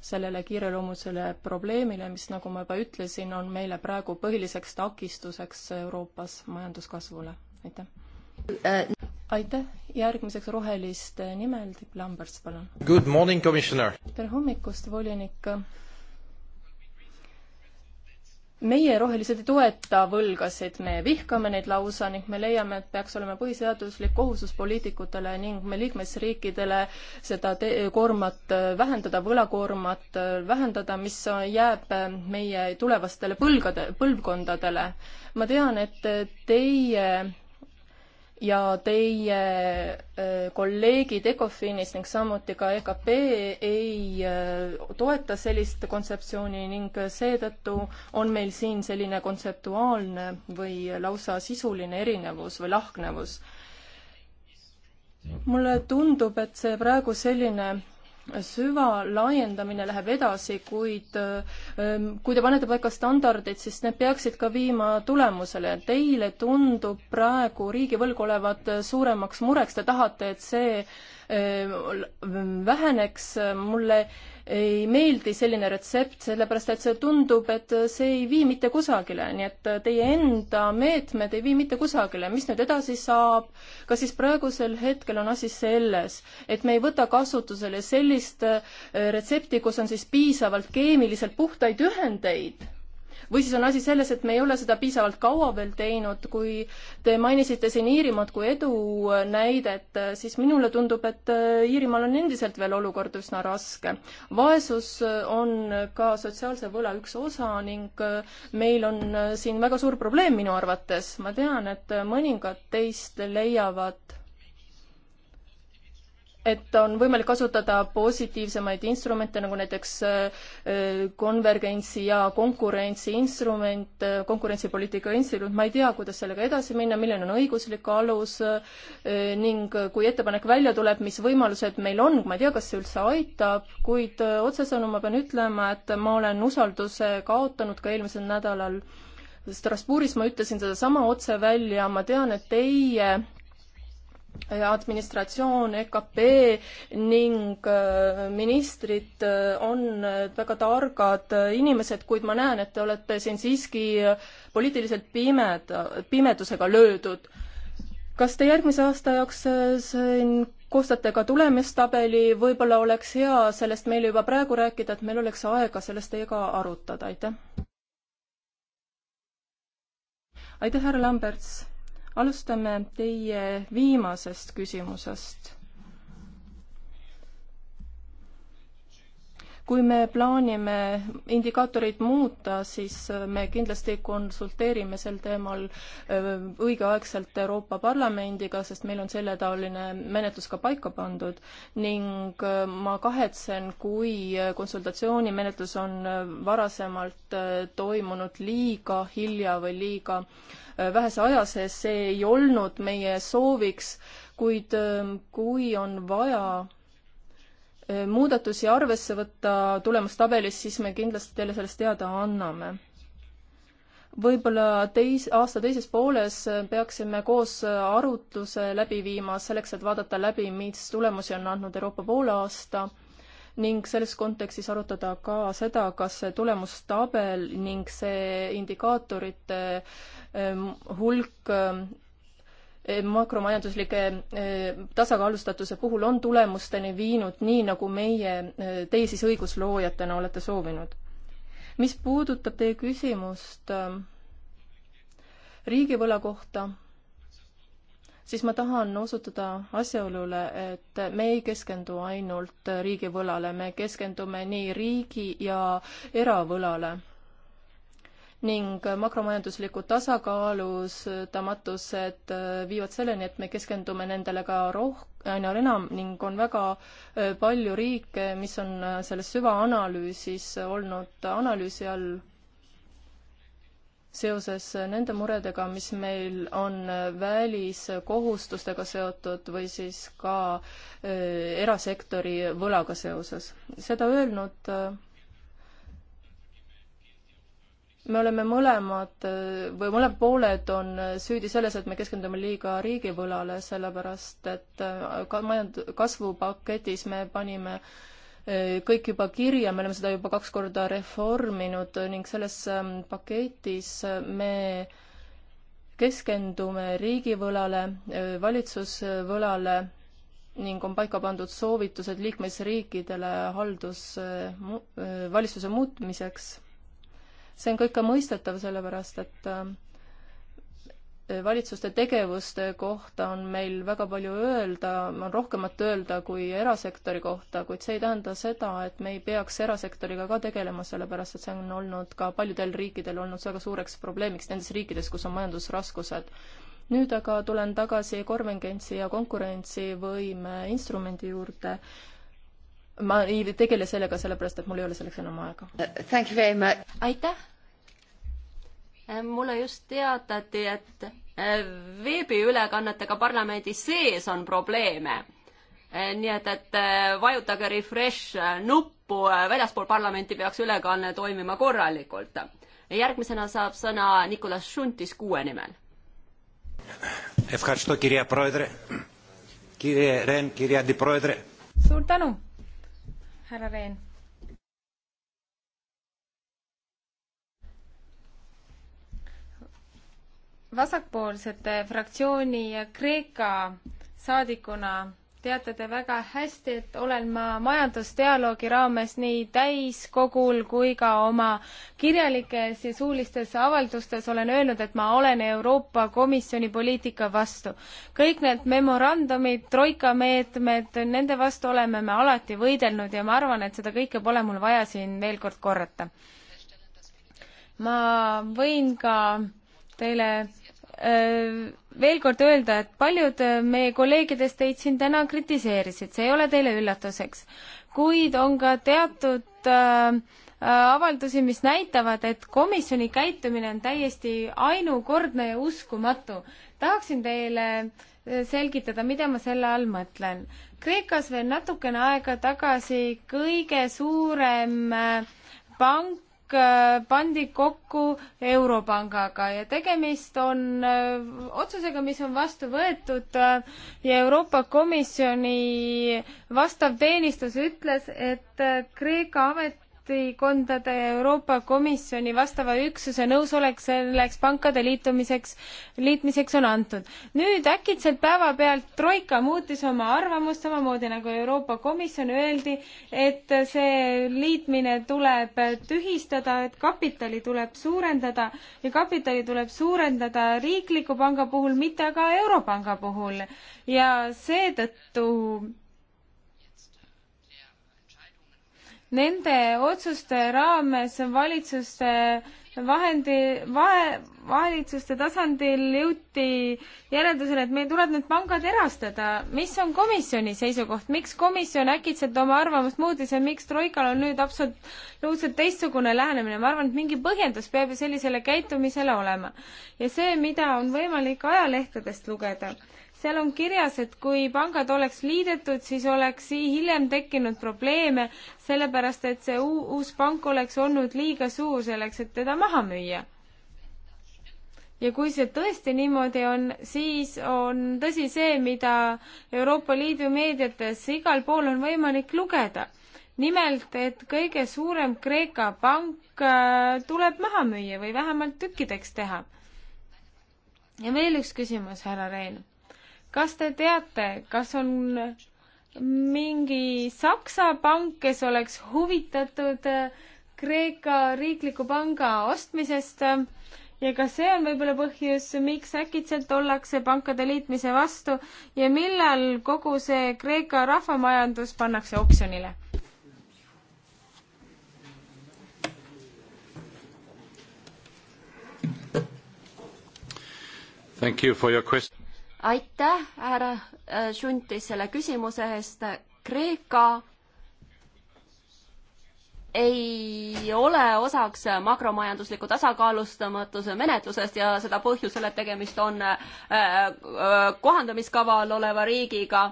sellele kiireloomulisele probleemile, mis, nagu ma juba ütlesin, on meile praegu põhiliseks takistuseks Euroopas majanduskasvule. aitäh äh.! aitäh, järgmiseks Roheliste nimel, Dick Lambers, palun! tere hommikust, volinik! meie rohelised ei toeta võlgasid, me vihkame neid lausa ning me leiame, et peaks olema põhiseaduslik kohustus poliitikutele ning me liikmesriikidele seda koormat äh, vähendada, võlakoormat äh, vähendada, mis jääb äh, meie tulevastele põlgade, põlvkondadele. ma tean, et teie ja teie äh, kolleegid ECOFINis ning samuti ka EKP ei äh, toeta sellist kontseptsiooni ning seetõttu on meil siin selline kontseptuaalne või lausa sisuline erinevus või lahknevus. mulle tundub, et see praegu selline süvalaiendamine läheb edasi, kuid ähm, kui te panete paika standardid, siis need peaksid ka viima tulemusele. Teile tundub praegu riigivõlg olevat suuremaks mureks, te tahate, et see äh, väheneks, mulle ei meeldi selline retsept, sellepärast et see tundub, et see ei vii mitte kusagile, nii et teie enda meetmed ei vii mitte kusagile. mis nüüd edasi saab? kas siis praegusel hetkel on asi selles, et me ei võta kasutusele sellist äh, retsepti, kus on siis piisavalt keemiliselt puhtaid ühendeid? või siis on asi selles, et me ei ole seda piisavalt kaua veel teinud, kui te mainisite siin Iirimaad kui edu näidet, siis minule tundub, et äh, Iirimaal on endiselt veel olukord üsna raske. vaesus äh, on ka sotsiaalse võla üks osa ning äh, meil on siin väga suur probleem minu arvates. ma tean, et mõningad teist leiavad et on võimalik kasutada positiivsemaid instrumente, nagu näiteks äh, äh, konvergentsi ja konkurentsi instrument, äh, konkurentsipoliitika instituut, ma ei tea, kuidas sellega edasi minna, milline on õiguslik alus ning kui ettepanek välja tuleb, mis võimalused meil on, ma ei tea, kas see üldse aitab, kuid otsesõnu ma pean ütlema, et ma olen usalduse kaotanud ka eelmisel nädalal. Strasbourgis ma ütlesin sedasama otse välja, ma tean, et teie administratsioon, EKP ning äh, ministrid äh, on väga targad äh, inimesed, kuid ma näen, et te olete siin siiski poliitiliselt pimed, pimedusega löödud. kas te järgmise aasta jaoks siin koostate ka tulemistabeli, võib-olla oleks hea sellest meile juba praegu rääkida, et meil oleks aega sellest teiega arutada, aitäh! aitäh, härra Lamberts! alustame teie viimasest küsimusest. kui me plaanime indikaatoreid muuta, siis me kindlasti konsulteerime sel teemal äh, õigeaegselt Euroopa Parlamendiga, sest meil on selletaoline menetlus ka paika pandud ning äh, ma kahetsen, kui konsultatsioonimenetlus on äh, varasemalt toimunud liiga hilja või liiga äh, Äh, vähese aja sees, see ei olnud meie sooviks, kuid ähm, kui on vaja äh, muudatusi arvesse võtta tulemustabelis, siis me kindlasti teile sellest teada anname. võib-olla teis-, aasta teises pooles äh, peaksime koos arutluse läbi viima selleks, et vaadata läbi, mis tulemusi on andnud Euroopa poolaasta ning selles kontekstis arutada ka seda, kas see tulemustabel ning see indikaatorite Ehm, hulk ehm, makromajanduslike ehm, tasakaalustatuse puhul on tulemusteni viinud nii, nagu meie, teie siis õigusloojatena olete soovinud. mis puudutab teie küsimust riigivõla kohta, siis ma tahan osutada asjaolule, et me ei keskendu ainult riigivõlale, me keskendume nii riigi ja eravõlale ning makromajandusliku tasakaalustamatused äh, viivad selleni, et me keskendume nendele ka roh-, aina enam ning on väga äh, palju riike, mis on äh, selles süvaanalüüsis olnud analüüsi all seoses nende muredega, mis meil on väliskohustustega seotud või siis ka erasektori võlaga seoses. seda öelnud me oleme mõlemad või mõlemad pooled on süüdi selles, et me keskendume liiga riigivõlale, sellepärast et äh, ka majand-, kasvupaketis me panime äh, kõik juba kirja, me oleme seda juba kaks korda reforminud ning selles ähm, paketis äh, me keskendume riigivõlale, valitsusvõlale ning on paika pandud soovitused liikmesriikidele haldus, valitsuse muutmiseks see on kõik ka mõistetav, sellepärast et äh, valitsuste tegevuste kohta on meil väga palju öelda, on rohkemat öelda kui erasektori kohta, kuid see ei tähenda seda, et me ei peaks erasektoriga ka tegelema, sellepärast et see on olnud ka paljudel riikidel olnud väga suureks probleemiks nendes riikides, kus on majandusraskused. nüüd aga tulen tagasi konvergentsi ja konkurentsivõime instrumendi juurde ma ei tegele sellega sellepärast, et mul ei ole selleks enam aega. aitäh! mulle just teatati, et eh, veebiülekannetega parlamendi sees on probleeme. Eh, nii et, et eh, vajutage refresh nuppu, väljaspool parlamenti peaks ülekanne toimima korralikult. järgmisena saab sõna Nicolas Šuntis kuue nimel. suur tänu! härra Rehn. vasakpoolsete fraktsiooni ja Kreeka saadikuna teate te väga hästi, et olen ma majandusdialoogi raames nii täiskogul kui ka oma kirjalikes ja suulistes avaldustes olen öelnud, et ma olen Euroopa Komisjoni poliitika vastu. kõik need memorandumid, troika meetmed, nende vastu oleme me alati võidelnud ja ma arvan, et seda kõike pole mul vaja siin veel kord korrata. ma võin ka teile Äh, veel kord öelda, et paljud äh, meie kolleegidest teid siin täna kritiseerisid, see ei ole teile üllatuseks. kuid on ka teatud äh, äh avaldusi, mis näitavad, et komisjoni käitumine on täiesti ainukordne ja uskumatu. tahaksin teile selgitada, mida ma selle all mõtlen. Kreekas veel natukene aega tagasi kõige suurem pank Äh, pandi kokku Europangaga ja tegemist on äh, otsusega, mis on vastu võetud äh, ja Euroopa Komisjoni vastav teenistus ütles, et Kreeka amet ametikondade Euroopa Komisjoni vastava üksuse nõusolek selleks pankade liitumiseks, liitmiseks on antud. nüüd äkitselt päevapealt Troika muutis oma arvamust, samamoodi nagu Euroopa Komisjon öeldi, et see liitmine tuleb tühistada, et kapitali tuleb suurendada ja kapitali tuleb suurendada riikliku panga puhul, mitte aga Europanga puhul. ja seetõttu nende otsuste raames valitsuste vahendi, vahe, valitsuste tasandil jõuti järeldusele, et meil tuleb need pangad erastada. mis on komisjoni seisukoht, miks komisjon äkitselt oma arvamust muutis ja miks Troikal on nüüd absoluutselt teistsugune lähenemine? ma arvan, et mingi põhjendus peab ju sellisele käitumisele olema. ja see, mida on võimalik ajalehtedest lugeda seal on kirjas, et kui pangad oleks liidetud, siis oleks hiljem tekkinud probleeme, sellepärast et see uus pank oleks olnud liiga suur selleks, et teda maha müüa. ja kui see tõesti niimoodi on, siis on tõsi see, mida Euroopa Liidu meediates igal pool on võimalik lugeda. nimelt, et kõige suurem Kreeka pank äh, tuleb maha müüa või vähemalt tükkideks teha. ja veel üks küsimus, härra Rein kas te teate, kas on mingi Saksa pank, kes oleks huvitatud äh, Kreeka riikliku panga ostmisest ja ka see on võib-olla põhjus, miks äkitselt ollakse pankade liitmise vastu ja millal kogu see Kreeka rahvamajandus pannakse oksjonile? Thank you for your question aitäh, härra äh, Šuntis, selle küsimuse eest. Kreeka ei ole osaks makromajandusliku tasakaalustamatuse menetlusest ja seda põhjusel, et tegemist on äh, äh, kohandamiskaval oleva riigiga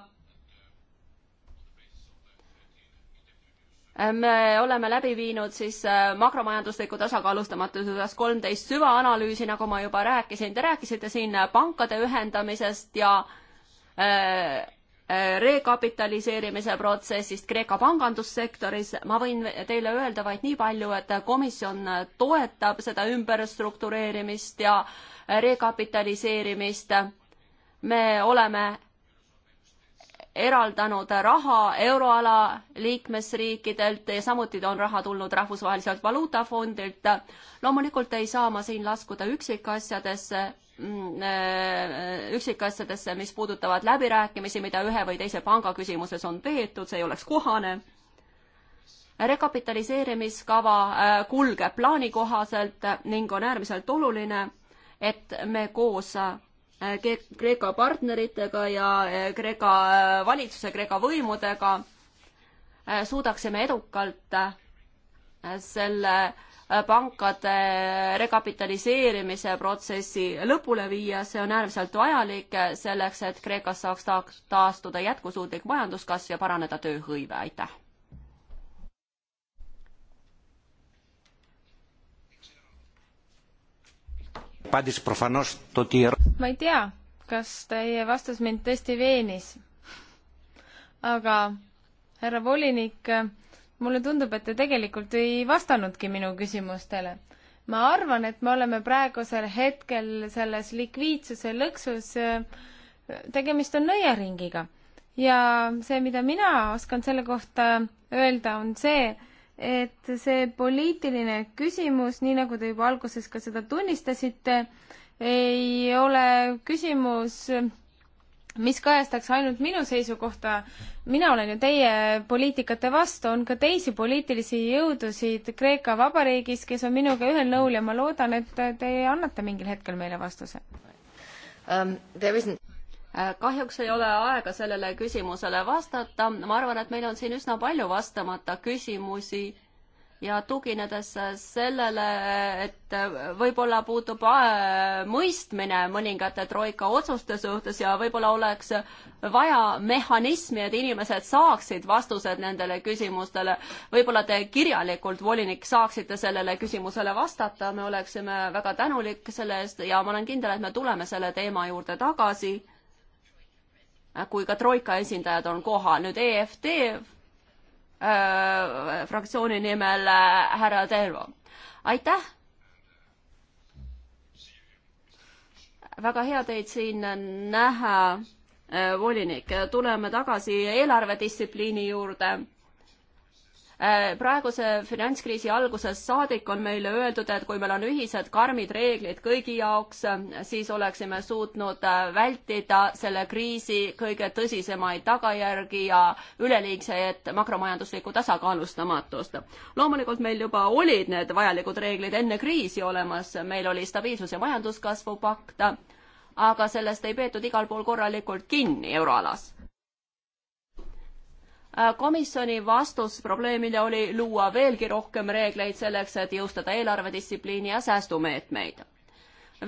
me oleme läbi viinud siis äh, makromajandusliku tasakaalustamatuse osas kolmteist süvaanalüüsi, nagu ma juba rääkisin. Te rääkisite siin pankade ühendamisest ja äh, äh, rekapitaliseerimise protsessist Kreeka pangandussektoris. ma võin teile öelda vaid nii palju, et komisjon toetab seda ümberstruktureerimist ja rekapitaliseerimist. me oleme eraldanud raha euroala liikmesriikidelt ja samuti on raha tulnud Rahvusvaheliselt Valuutafondilt. loomulikult ei saa ma siin laskuda üksikasjadesse, mm, äh, üksikasjadesse, mis puudutavad läbirääkimisi, mida ühe või teise panga küsimuses on peetud, see ei oleks kohane. rekapitaliseerimiskava äh, kulgeb plaani kohaselt ning on äärmiselt oluline, et me koos Äh, Kreeka partneritega ja äh, Kreeka äh, valitsuse, Kreeka võimudega suudaksime edukalt selle pankade rekapitaliseerimise protsessi lõpule viia, see on äärmiselt vajalik selleks, et Kreekas saaks taastuda jätkusuutlik majanduskasv ja paraneda tööhõive, aitäh! ma ei tea, kas teie vastus mind tõesti veenis. aga härra volinik, mulle tundub, et te tegelikult ei vastanudki minu küsimustele. ma arvan, et me oleme praegusel hetkel selles likviidsuse lõksus, tegemist on nõiaringiga ja see, mida mina oskan selle kohta öelda, on see, et see poliitiline küsimus, nii nagu te juba alguses ka seda tunnistasite, ei ole küsimus, mis kajastaks ainult minu seisukohta. mina olen ju teie poliitikate vastu, on ka teisi poliitilisi jõudusid Kreeka Vabariigis, kes on minuga ühel nõul ja ma loodan, et te annate mingil hetkel meile vastuse um,. Äh, kahjuks ei ole aega sellele küsimusele vastata, ma arvan, et meil on siin üsna palju vastamata küsimusi ja tuginedes sellele, et võib-olla puudub äh, mõistmine mõningate troika otsuste suhtes ja võib-olla oleks vaja mehhanismi, et inimesed saaksid vastused nendele küsimustele. võib-olla te kirjalikult, volinik, saaksite sellele küsimusele vastata, me oleksime väga tänulik selle eest ja ma olen kindel, et me tuleme selle teema juurde tagasi kui ka Troika esindajad on kohal. nüüd EFD äh, fraktsiooni nimel äh, härra Tervo. aitäh! väga hea teid siin näha äh,, volinik. tuleme tagasi eelarvedistsipliini juurde Äh, praeguse finantskriisi algusest saadik on meile öeldud, et kui meil on ühised karmid reeglid kõigi jaoks, siis oleksime suutnud äh, vältida selle kriisi kõige tõsisemaid tagajärgi ja üleliigset makromajanduslikku tasakaalustamatust. loomulikult meil juba olid need vajalikud reeglid enne kriisi olemas, meil oli stabiilsus- ja majanduskasvu pakt, aga sellest ei peetud igal pool korralikult kinni euroalas Äh, komisjoni vastus probleemile oli luua veelgi rohkem reegleid selleks, et jõustada eelarvedistsipliini ja säästumeetmeid.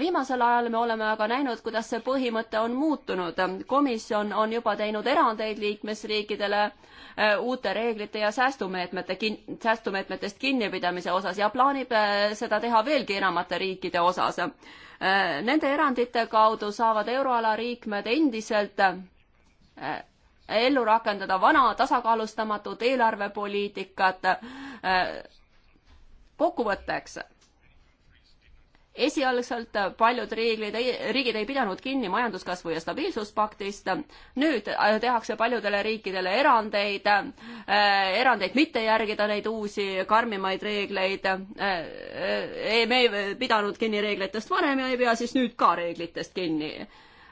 viimasel ajal me oleme aga näinud, kuidas see põhimõte on muutunud. komisjon on juba teinud erandeid liikmesriikidele äh, uute reeglite ja säästumeetmete kin-, säästumeetmetest kinnipidamise osas ja plaanib äh, seda teha veelgi enamate riikide osas. Nende erandite kaudu saavad euroala liikmed endiselt ellu rakendada vana tasakaalustamatut eelarvepoliitikat. kokkuvõtteks, esialgselt paljud riigid, riigid ei pidanud kinni majanduskasvu ja stabiilsuspaktist, nüüd tehakse paljudele riikidele erandeid, erandeid mitte järgida neid uusi karmimaid reegleid. me ei pidanud kinni reeglitest varem ja ei pea siis nüüd ka reeglitest kinni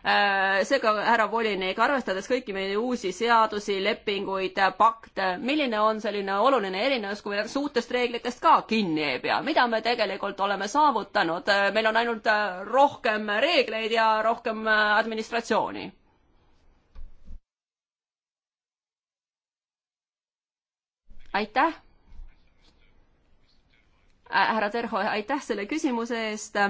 Äh, seega, härra volinik, arvestades kõiki meie uusi seadusi, lepinguid, pakte, milline on selline oluline erinevus, kui me suurtest reeglitest ka kinni ei pea, mida me tegelikult oleme saavutanud, äh, meil on ainult äh, rohkem reegleid ja rohkem administratsiooni aitäh! härra Terho, aitäh selle küsimuse eest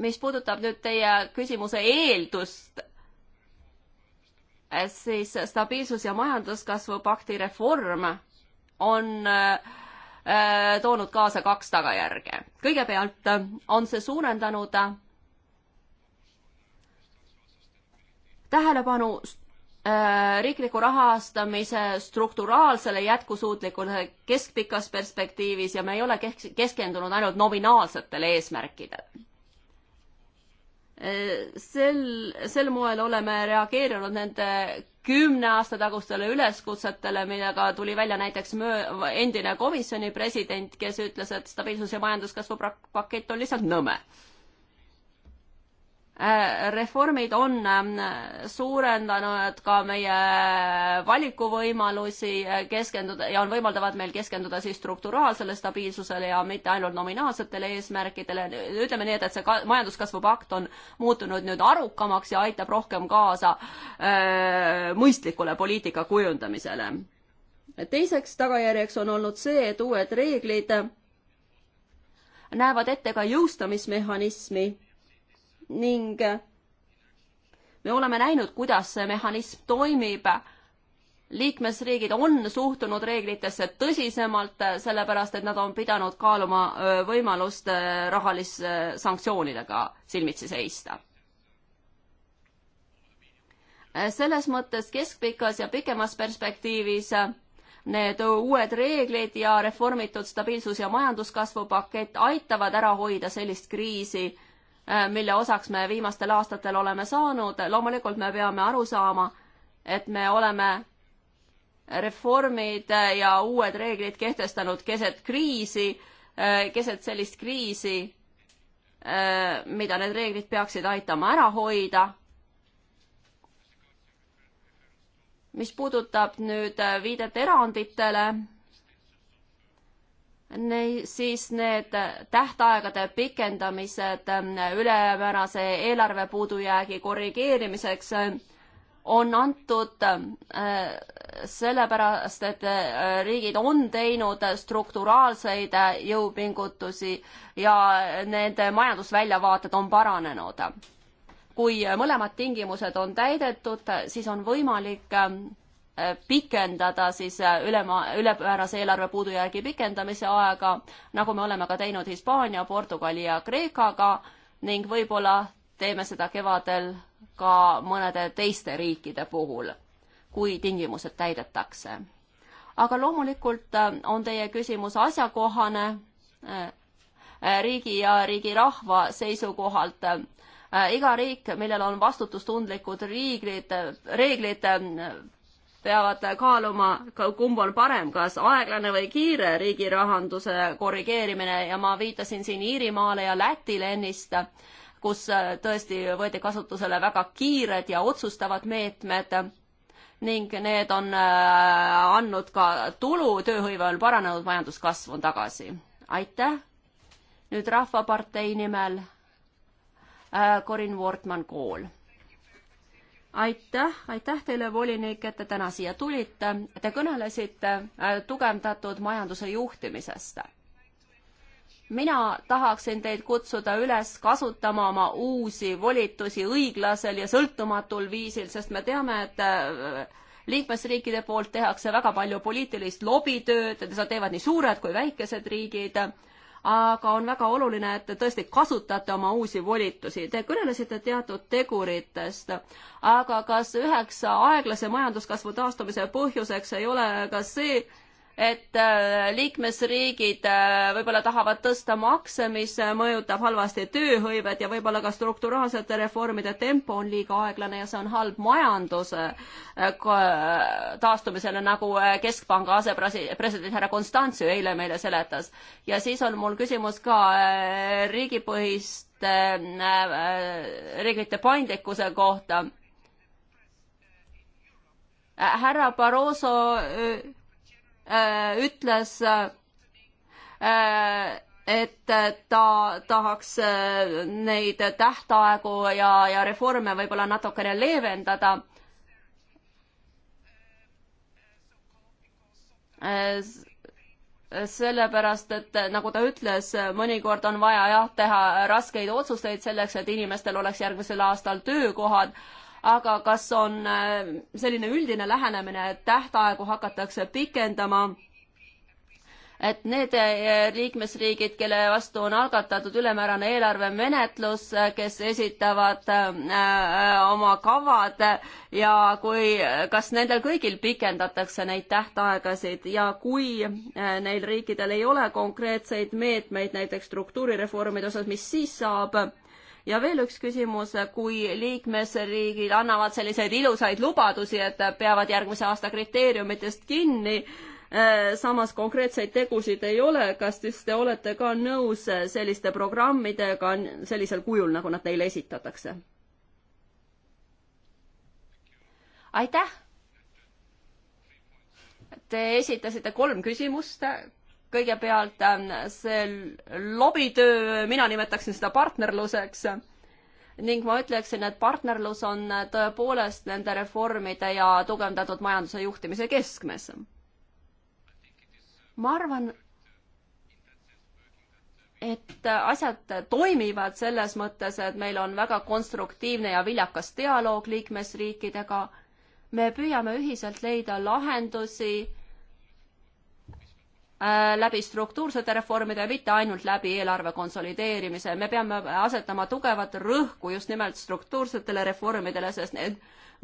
mis puudutab nüüd teie küsimuse eeldust, eh, siis stabiilsus- ja majanduskasvu pakti reform on eh, eh, toonud kaasa kaks tagajärge. kõigepealt on see suurendanud tähelepanu riikliku rahastamise strukturaalsele jätkusuutlikule keskpikas perspektiivis ja me ei ole keskendunud ainult nominaalsetele eesmärkidele sel, sel moel oleme reageerinud nende kümne aasta tagustele üleskutsetele, millega tuli välja näiteks möö-, endine komisjoni president, kes ütles, et stabiilsus- ja majanduskasvu pakett on lihtsalt nõme Äh, reformid on ähm, suurendanud ka meie valikuvõimalusi äh, keskenduda ja on võimaldavad meil keskenduda siis strukturaalsele stabiilsusele ja mitte ainult nominaalsetele eesmärkidele. ütleme nii, et, et see ka, majanduskasvu pakt on muutunud nüüd arukamaks ja aitab rohkem kaasa äh, mõistlikule poliitika kujundamisele. teiseks tagajärjeks on olnud see, et uued reeglid näevad ette ka jõustamismehhanismi ning me oleme näinud, kuidas see mehhanism toimib. liikmesriigid on suhtunud reeglitesse tõsisemalt, sellepärast et nad on pidanud kaaluma võimalust rahaliste sanktsioonidega silmitsi seista. selles mõttes keskpikas ja pikemas perspektiivis need uued reeglid ja reformitud stabiilsus- ja majanduskasvu pakett aitavad ära hoida sellist kriisi, Äh, mille osaks me viimastel aastatel oleme saanud. loomulikult me peame aru saama, et me oleme reformid ja uued reeglid kehtestanud keset kriisi, äh, keset sellist kriisi, äh, mida need reeglid peaksid aitama ära hoida. mis puudutab nüüd viidet eranditele Nei, siis need tähtaegade pikendamised ähm, ülemäärase eelarve puudujäägi korrigeerimiseks ähm, on antud ähm, äh, sellepärast, et äh, riigid on teinud strukturaalseid äh, jõupingutusi ja nende majandusväljavaated on paranenud. kui mõlemad tingimused on täidetud, siis on võimalik pikendada siis äh, ülema, ülemäärase eelarve puudujäägi pikendamise aega, nagu me oleme ka teinud Hispaania, Portugali ja Kreekaga ning võib-olla teeme seda kevadel ka mõnede teiste riikide puhul, kui tingimused täidetakse. aga loomulikult äh, on teie küsimus asjakohane äh, riigi ja riigi rahva seisukohalt iga riik, millel on vastutustundlikud riiglid, reeglid, peavad kaaluma, kumb on parem, kas aeglane või kiire riigi rahanduse korrigeerimine ja ma viitasin siin Iirimaale ja Lätile ennist, kus äh, tõesti võeti kasutusele väga kiired ja otsustavad meetmed ning need on äh, andnud ka tulu, tööhõive on paranenud, majanduskasv on tagasi. aitäh! nüüd Rahvapartei nimel äh, Corin Wortmann-Kool aitäh, aitäh teile, volinik, et te täna siia tulite. Te kõnelesite äh, tugevdatud majanduse juhtimisest. mina tahaksin teid kutsuda üles kasutama oma uusi volitusi õiglasel ja sõltumatul viisil, sest me teame, et äh, liikmesriikide poolt tehakse väga palju poliitilist lobitööd, seda teevad nii suured kui väikesed riigid aga on väga oluline, et te tõesti kasutate oma uusi volitusi. Te kõnelesite teatud teguritest, aga kas üheks aeglase majanduskasvu taastumise põhjuseks ei ole ka see, et äh, liikmesriigid äh, võib-olla tahavad tõsta makse, mis äh, mõjutab halvasti tööhõivet ja võib-olla ka strukturaalsete reformide tempo on liiga aeglane ja see on halb majanduse taastumisele, nagu Keskpanga asepresident härra Konstantsio eile meile seletas. ja siis on mul küsimus ka riigipõhiste reeglite paindlikkuse kohta. härra Barroso Äh, ütles, äh, et ta tahaks äh, neid tähtaegu ja, ja reforme võib-olla natukene leevendada sellepärast, et nagu ta ütles, mõnikord on vaja jah, teha raskeid otsuseid selleks, et inimestel oleks järgmisel aastal töökohad, aga kas on äh, selline üldine lähenemine, et tähtaegu hakatakse pikendama? et need äh, liikmesriigid, kelle vastu on algatatud ülemäärane eelarvemenetlus, äh, kes esitavad äh, oma kavad ja kui, kas nendel kõigil pikendatakse neid tähtaegasid ja kui äh, neil riikidel ei ole konkreetseid meetmeid näiteks struktuurireformide osas, mis siis saab äh,? ja veel üks küsimus, kui liikmesriigid annavad selliseid ilusaid lubadusi, et peavad järgmise aasta kriteeriumitest kinni, äh, samas konkreetseid tegusid ei ole, kas siis te olete ka nõus selliste programmidega sellisel kujul, nagu nad teile esitatakse? aitäh! Te esitasite kolm küsimust, kõigepealt ähm, see lobitöö, mina nimetaksin seda partnerluseks ning ma ütleksin, et partnerlus on tõepoolest nende reformide ja tugevdatud majanduse juhtimise keskmes. ma arvan, et asjad toimivad selles mõttes, et meil on väga konstruktiivne ja viljakas dialoog liikmesriikidega. me püüame ühiselt leida lahendusi Äh, läbi struktuursete reformide, mitte ainult läbi eelarve konsolideerimise. me peame asetama tugevat rõhku just nimelt struktuursetele reformidele, sest need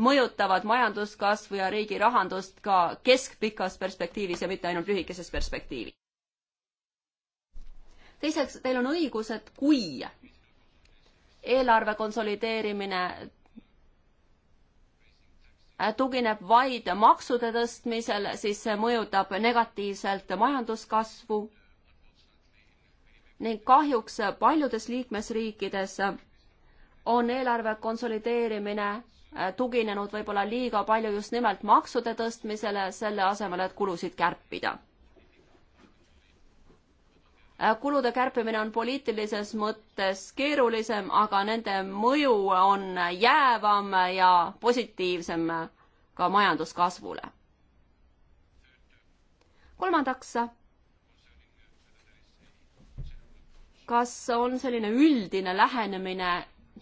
mõjutavad majanduskasvu ja riigi rahandust ka keskpikas perspektiivis ja mitte ainult lühikeses perspektiivis. teiseks, teil on õigus, et kui eelarve konsolideerimine Äh, tugineb vaid maksude tõstmisel, siis see mõjutab negatiivselt majanduskasvu ning kahjuks paljudes liikmesriikides on eelarve konsolideerimine äh, tuginenud võib-olla liiga palju just nimelt maksude tõstmisele, selle asemel, et kulusid kärpida. Äh, kulude kärpimine on poliitilises mõttes keerulisem, aga nende mõju on jäävam ja positiivsem ka majanduskasvule. kolmandaks, kas on selline üldine lähenemine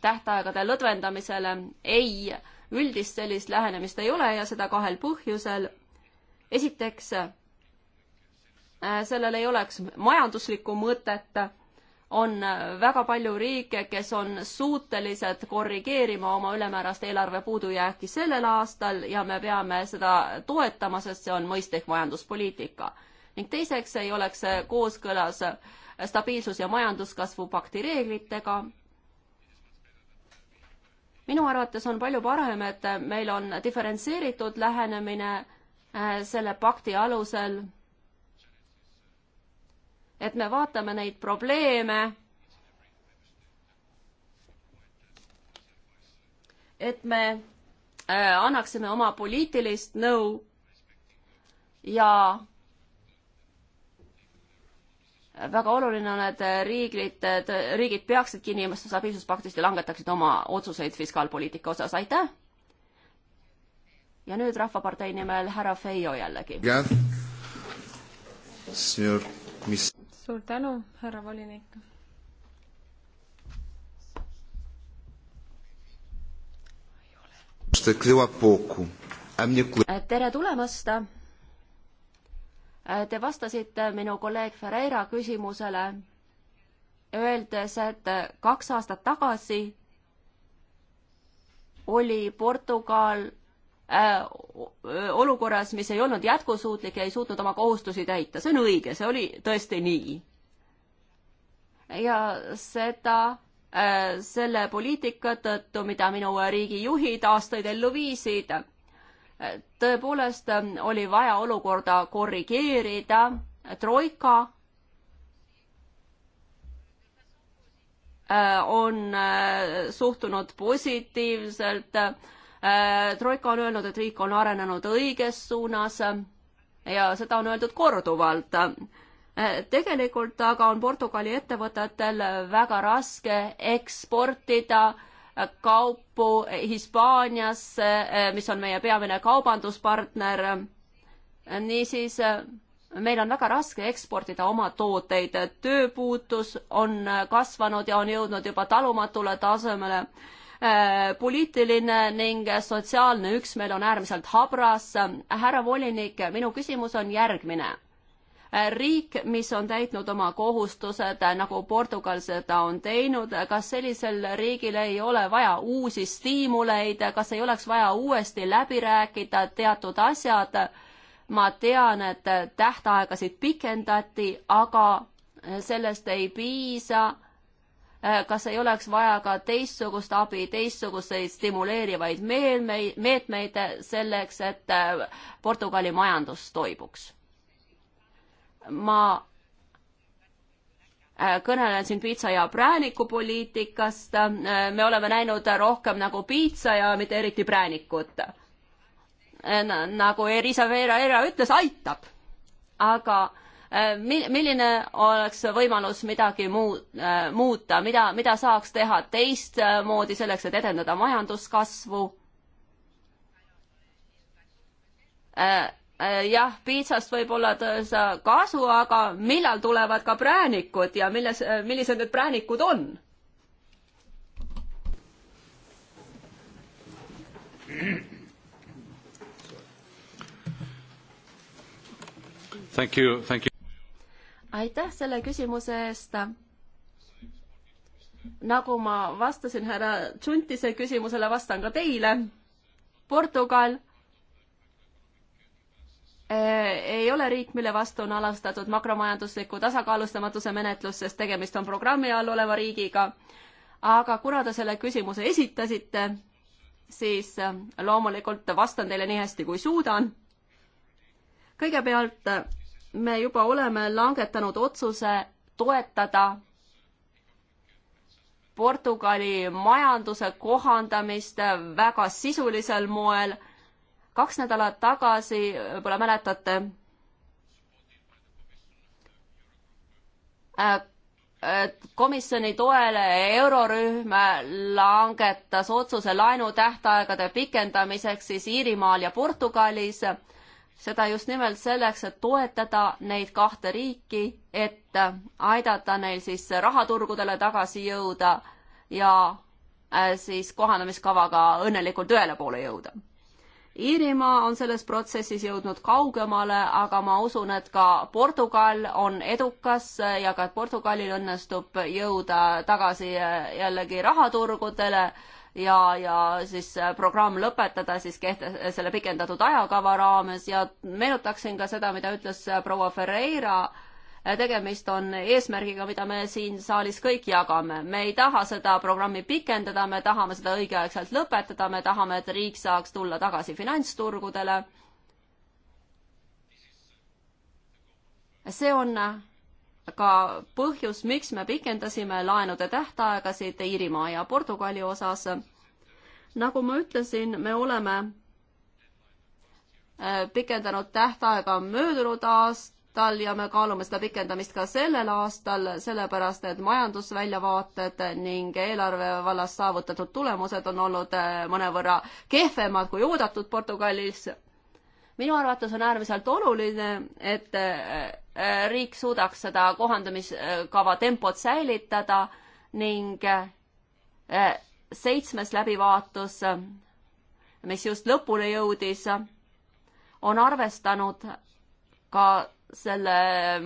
tähtaegade lõdvendamisele? ei, üldist sellist lähenemist ei ole ja seda kahel põhjusel. esiteks Äh, sellel ei oleks majanduslikku mõtet. on äh, väga palju riike, kes on suutelised korrigeerima oma ülemäärast eelarve puudujääki sellel aastal ja me peame seda toetama, sest see on mõistlik majanduspoliitika. ning teiseks ei oleks see kooskõlas stabiilsus- ja majanduskasvu pakti reeglitega minu arvates on palju parem, et meil on diferentseeritud lähenemine äh, selle pakti alusel et me vaatame neid probleeme, et me äh, annaksime oma poliitilist nõu ja väga oluline on, et riigid, riigid peaksid kinni stabiilsuspaktist ja langetaksid oma otsuseid fiskaalpoliitika osas, aitäh! ja nüüd Rahvapartei nimel härra Feijo jällegi. mis suur tänu, härra volinik. Äh, tere tulemast. Äh, te vastasite minu kolleeg Ferreira küsimusele, öeldes, et äh, kaks aastat tagasi oli Portugal Äh, olukorras, mis ei olnud jätkusuutlik ja ei suutnud oma kohustusi täita. see on õige, see oli tõesti nii. ja seda äh, selle poliitika tõttu, mida minu riigijuhid aastaid ellu viisid. Äh, tõepoolest oli vaja olukorda korrigeerida. troika on suhtunud positiivselt Äh, troika on öelnud, et riik on arenenud õiges suunas ja seda on öeldud korduvalt. Äh, tegelikult aga on Portugali ettevõtetel väga raske eksportida kaupu Hispaaniasse, äh, mis on meie peamine kaubanduspartner. niisiis meil on väga raske eksportida oma tooteid, tööpuutus on kasvanud ja on jõudnud juba talumatule tasemele Äh, poliitiline ning sotsiaalne üksmeel on äärmiselt habras. härra volinik, minu küsimus on järgmine äh, riik, mis on täitnud oma kohustused, äh, nagu Portugal seda on teinud, kas sellisel riigil ei ole vaja uusi stiimuleid, kas ei oleks vaja uuesti läbi rääkida teatud asjad? ma tean, et tähtaegasid pikendati, aga sellest ei piisa Äh, kas ei oleks vaja ka teistsugust abi, teistsuguseid stimuleerivaid meelmeid, meetmeid selleks, et äh, Portugali majandus toibuks? ma äh, kõnelen siin piitsa ja prääniku poliitikast, me oleme näinud rohkem nagu piitsa ja mitte eriti präänikut. nagu Elisa Veera Era ütles, aitab. aga Äh, milline oleks võimalus midagi muu, äh, muuta, mida, mida saaks teha teistmoodi selleks, et edendada majanduskasvu? Äh, jah, piitsast võib olla tõesa kasu, aga millal tulevad ka präänikud ja milles, millised need präänikud on? Thank you, thank you aitäh selle küsimuse eest. nagu ma vastasin härra Tšuntise küsimusele, vastan ka teile. Portugal eh, ei ole riik, mille vastu on alastatud makromajandusliku tasakaalustamatuse menetlus, sest tegemist on programmi all oleva riigiga. aga kuna te selle küsimuse esitasite, siis eh, loomulikult vastan teile nii hästi, kui suudan. kõigepealt me juba oleme langetanud otsuse toetada Portugali majanduse kohandamist väga sisulisel moel. kaks nädalat tagasi, võib-olla mäletate, äh, komisjoni toel eurorühm langetas otsuse laenutähtaegade pikendamiseks siis Iirimaal ja Portugalis seda just nimelt selleks, et toetada neid kahte riiki, et aidata neil siis rahaturgudele tagasi jõuda ja äh, siis kohanemiskavaga õnnelikult ühele poole jõuda. Iirimaa on selles protsessis jõudnud kaugemale, aga ma usun, et ka Portugal on edukas ja ka Portugalil õnnestub jõuda tagasi äh, jällegi rahaturgudele ja, ja siis äh, programm lõpetada siis kehte-, selle pikendatud ajakava raames ja meenutaksin ka seda, mida ütles äh, proua Ferreira, äh, tegemist on eesmärgiga, mida me siin saalis kõik jagame. me ei taha seda programmi pikendada, me tahame seda õigeaegselt lõpetada, me tahame, et riik saaks tulla tagasi finantsturgudele. see on ka põhjus, miks me pikendasime laenude tähtaegasid Iirimaa ja Portugali osas. nagu ma ütlesin, me oleme äh, pikendanud tähtaega möödunud aastal ja me kaalume seda pikendamist ka sellel aastal, sellepärast et majandusväljavaated ning eelarve vallas saavutatud tulemused on olnud äh, mõnevõrra kehvemad kui oodatud Portugalis. minu arvates on äärmiselt oluline, et äh, Äh, riik suudaks seda kohandamiskava tempot säilitada ning äh, seitsmes läbivaatus, mis just lõpule jõudis, on arvestanud ka selle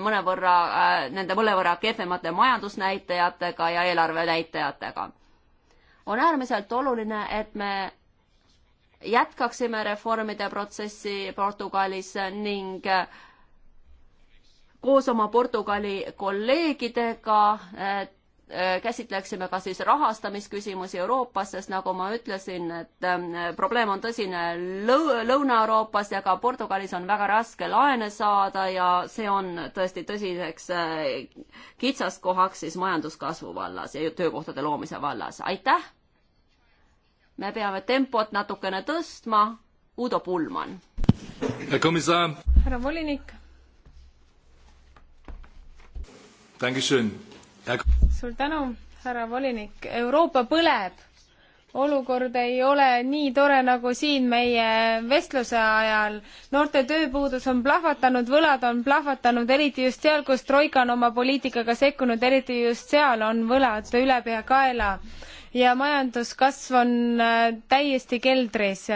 mõnevõrra, äh, nende mõnevõrra kehvemate majandusnäitajatega ja eelarvenäitajatega. on äärmiselt oluline, et me jätkaksime reformide protsessi Portugalis ning äh, koos oma Portugali kolleegidega äh, käsitleksime ka siis rahastamisküsimusi Euroopas, sest nagu ma ütlesin, et ähm, probleem on tõsine Lõuna-Euroopas ja ka Portugalis on väga raske laene saada ja see on tõesti tõsiseks äh, kitsaskohaks siis majanduskasvu vallas ja töökohtade loomise vallas. aitäh! me peame tempot natukene tõstma. Udo Pulman. härra volinik suur tänu, härra volinik. Euroopa põleb. olukord ei ole nii tore nagu siin meie vestluse ajal. noorte tööpuudus on plahvatanud, võlad on plahvatanud, eriti just seal, kus Troika on oma poliitikaga sekkunud, eriti just seal on võlad ülepeakaela ja majanduskasv on äh, täiesti keldris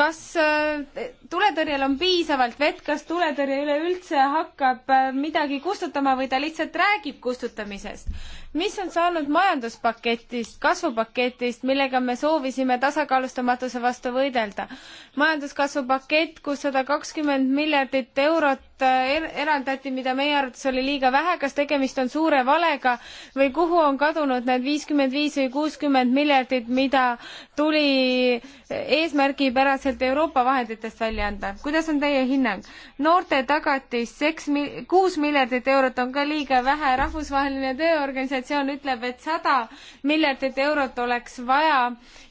kas äh, tuletõrjel on piisavalt vett, kas tuletõrje üleüldse hakkab äh, midagi kustutama või ta lihtsalt räägib kustutamisest? mis on saanud majanduspaketist, kasvupaketist, millega me soovisime tasakaalustamatuse vastu võidelda? majanduskasvu pakett, kus sada kakskümmend miljardit eurot eh, er eraldati, mida meie arvates oli liiga vähe, kas tegemist on suure valega või kuhu on kadunud need viiskümmend viis või kuuskümmend miljardit, mida tuli eh, eesmärgipäraselt Euroopa vahenditest välja anda? kuidas on teie hinnang? noorte tagatis seks, kuus miljardit eurot on ka liiga vähe, rahvusvaheline tööorganisatsioon organisatsioon ütleb, et sada miljardit eurot oleks vaja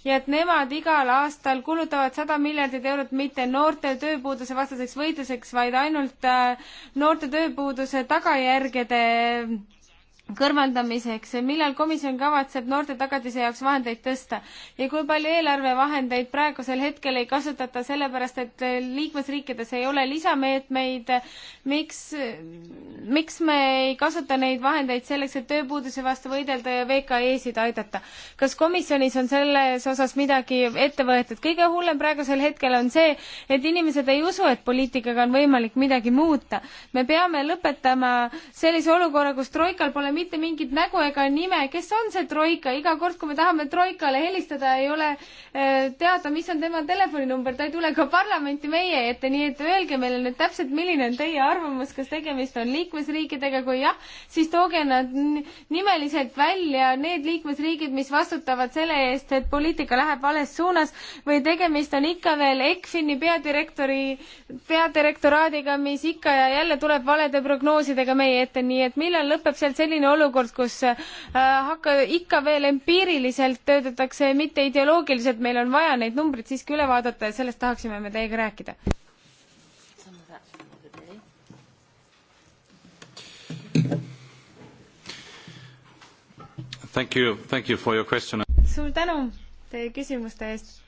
ja et nemad igal aastal kulutavad sada miljardit eurot mitte noorte tööpuuduse vastaseks võitluseks, vaid ainult äh, noorte tööpuuduse tagajärgede kõrvaldamiseks, millal komisjon kavatseb noorte tagatise jaoks vahendeid tõsta ja kui palju eelarvevahendeid praegusel hetkel ei kasutata, sellepärast et liikmesriikides ei ole lisameetmeid, miks, miks me ei kasuta neid vahendeid selleks, et tööpuuduse vastu võidelda ja VKE-sid aidata? kas komisjonis on selles osas midagi ette võetud? kõige hullem praegusel hetkel on see, et inimesed ei usu, et poliitikaga on võimalik midagi muuta. me peame lõpetama sellise olukorra, kus Troikal pole mitte mingit nägu ega nime, kes on see troika, iga kord, kui me tahame troikale helistada, ei ole eh, teada, mis on tema telefoninumber, ta ei tule ka parlamenti meie ette, nii et öelge meile nüüd täpselt, milline on teie arvamus, kas tegemist on liikmesriikidega, kui jah, siis tooge nad nimeliselt välja, need liikmesriigid, mis vastutavad selle eest, et poliitika läheb vales suunas või tegemist on ikka veel ECFIN-i peadirektori, peadirektoraadiga, mis ikka ja jälle tuleb valede prognoosidega meie ette, nii et millal lõpeb sealt selline selline olukord, kus äh, hakka, ikka veel empiiriliselt töötatakse, mitte ideoloogiliselt, meil on vaja neid numbreid siiski üle vaadata ja sellest tahaksime me teiega rääkida. Thank you, thank you for your question. suur tänu teie küsimuste eest.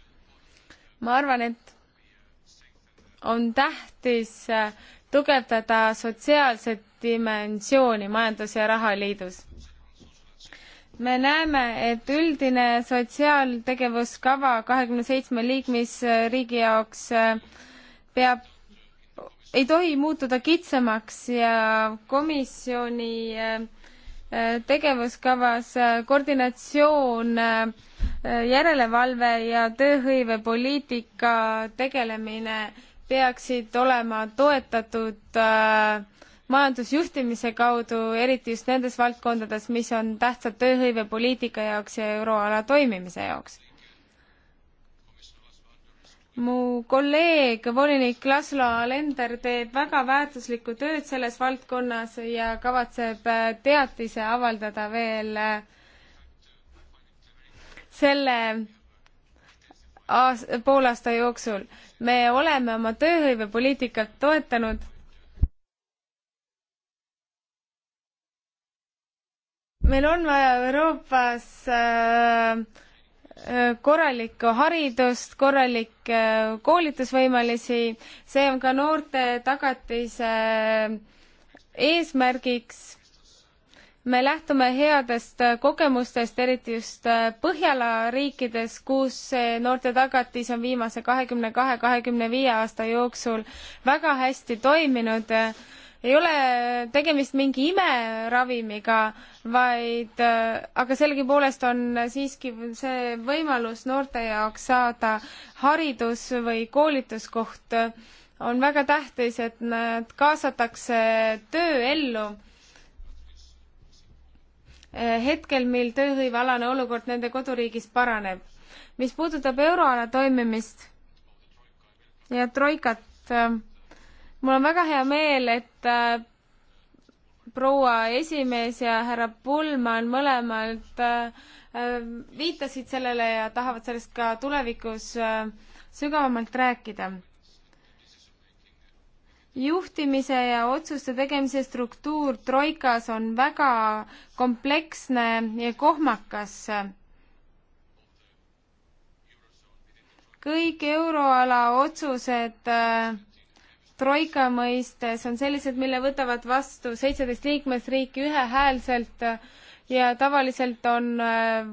ma arvan, et on tähtis äh, tugevdada sotsiaalset dimensiooni Majandus- ja Rahaliidus. me näeme, et üldine sotsiaaltegevuskava kahekümne seitsme liikmesriigi jaoks äh, peab, ei tohi muutuda kitsamaks ja komisjoni äh, äh, tegevuskavas koordinatsioon, järelevalve ja tööhõivepoliitika tegelemine peaksid olema toetatud äh, majandusjuhtimise kaudu, eriti just nendes valdkondades, mis on tähtsad tööhõivepoliitika jaoks ja euroala toimimise jaoks. mu kolleeg, volinik Laslo Alender teeb väga väärtuslikku tööd selles valdkonnas ja kavatseb äh, teatise avaldada veel äh, selle aas-, poole aasta jooksul. me oleme oma tööhõivepoliitikat toetanud meil on vaja Euroopas äh, äh, korralikku haridust, korralikke äh, koolitusvõimalusi, see on ka noorte tagatise eesmärgiks me lähtume headest äh, kogemustest, eriti just äh, Põhjala riikides, kus noorte tagatis on viimase kahekümne kahe, kahekümne viie aasta jooksul väga hästi toiminud. ei ole tegemist mingi imeravimiga, vaid, äh, aga sellegipoolest on siiski see võimalus noorte jaoks saada haridus või koolituskoht on väga tähtis, et nad kaasatakse tööellu Eh, hetkel, mil tööhõivealane olukord nende koduriigis paraneb. mis puudutab euroala toimimist ja troikat, eh, mul on väga hea meel, et eh, proua esimees ja härra Pullmann mõlemalt viitasid sellele ja tahavad sellest ka tulevikus sügavamalt rääkida juhtimise ja otsuste tegemise struktuur Troikas on väga kompleksne ja kohmakas. kõik euroala otsused äh, Troika mõistes on sellised, mille võtavad vastu seitseteist liikmesriiki ühehäälselt äh, ja tavaliselt on äh,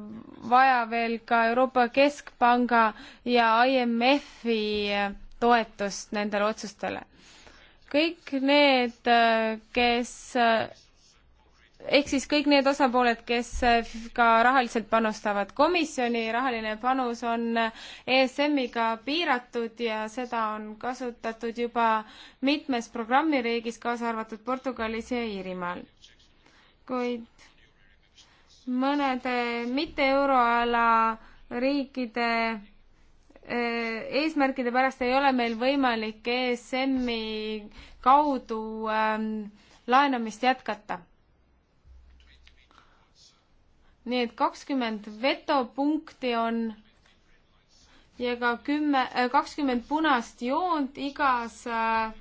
vaja veel ka Euroopa Keskpanga ja IMF-i äh, toetust nendele otsustele kõik need, kes ehk siis kõik need osapooled, kes ka rahaliselt panustavad. komisjoni rahaline panus on ESM-iga piiratud ja seda on kasutatud juba mitmes programmiriigis, kaasa arvatud Portugalis ja Iirimaal. kuid mõnede mitte euroala riikide Äh, eesmärkide pärast ei ole meil võimalik ESM-i kaudu ähm, laenamist jätkata. nii et kakskümmend vetopunkti on ja ka kümme, äh, kakskümmend punast joont igas äh,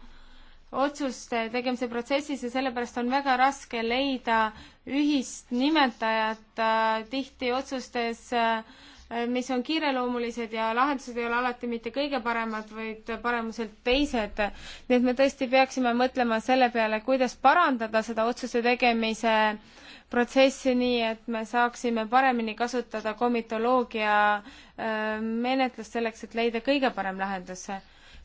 otsuste tegemise protsessis ja sellepärast on väga raske leida ühist nimetajat äh, tihti otsustes äh, mis on kiireloomulised ja lahendused ei ole alati mitte kõige paremad, vaid paremuselt teised. nii et me tõesti peaksime mõtlema selle peale, kuidas parandada seda otsuse tegemise protsessi nii, et me saaksime paremini kasutada komitoloogia äh, menetlust selleks, et leida kõige parem lahendus.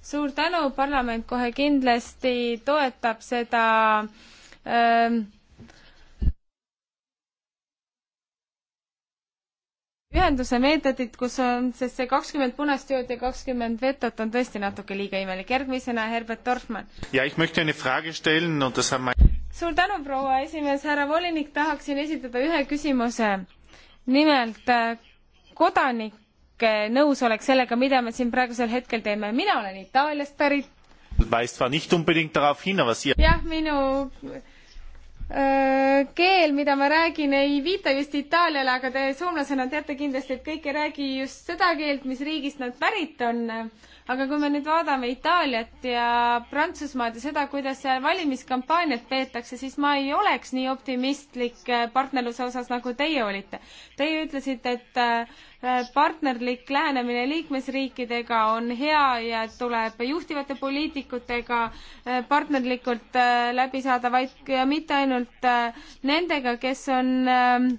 suur tänu, parlament kohe kindlasti toetab seda öö, äh, ühenduse meetodit, kus on, sest see kakskümmend punast jood ja kakskümmend vetot on tõesti natuke liiga imelik. järgmisena Herbert Dorfmann. suur tänu, proua esimees, härra volinik, tahaksin esitada ühe küsimuse. nimelt äh, kodanike nõusolek sellega, mida me siin praegusel hetkel teeme. mina olen Itaaliast pärit. jah, minu Äh, keel, mida ma räägin, ei viita just Itaaliale, aga te soomlasena teate kindlasti, et kõik ei räägi just seda keelt, mis riigist nad pärit on aga kui me nüüd vaatame Itaaliat ja Prantsusmaad ja seda, kuidas seal valimiskampaaniat peetakse, siis ma ei oleks nii optimistlik äh, partnerluse osas, nagu teie olite. Teie ütlesite, et äh, partnerlik lähenemine liikmesriikidega on hea ja tuleb juhtivate poliitikutega äh, partnerlikult läbi saada, vaid mitte ainult nendega, kes on ähm,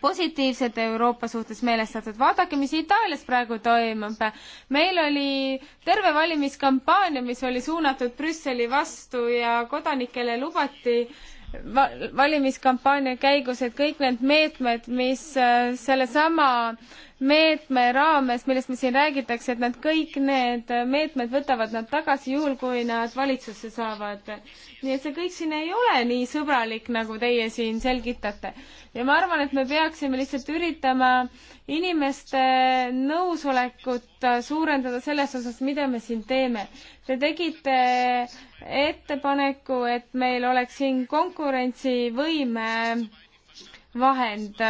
positiivselt Euroopa suhtes meelestatud. vaadake, mis Itaalias praegu toimub. meil oli terve valimiskampaania, mis oli suunatud Brüsseli vastu ja kodanikele lubati äh, valimiskampaania käigus, et kõik need meetmed, mis äh, sellesama meetme raames, millest me siin räägitakse, et nad kõik need meetmed võtavad nad tagasi juhul, kui nad valitsusse saavad. nii et see kõik siin ei ole nii sõbralik, nagu teie siin selgitate. ja ma arvan, et me peaksime lihtsalt üritama inimeste nõusolekut suurendada selles osas, mida me siin teeme. Te tegite äh, ettepaneku, et meil oleks siin konkurentsivõime vahend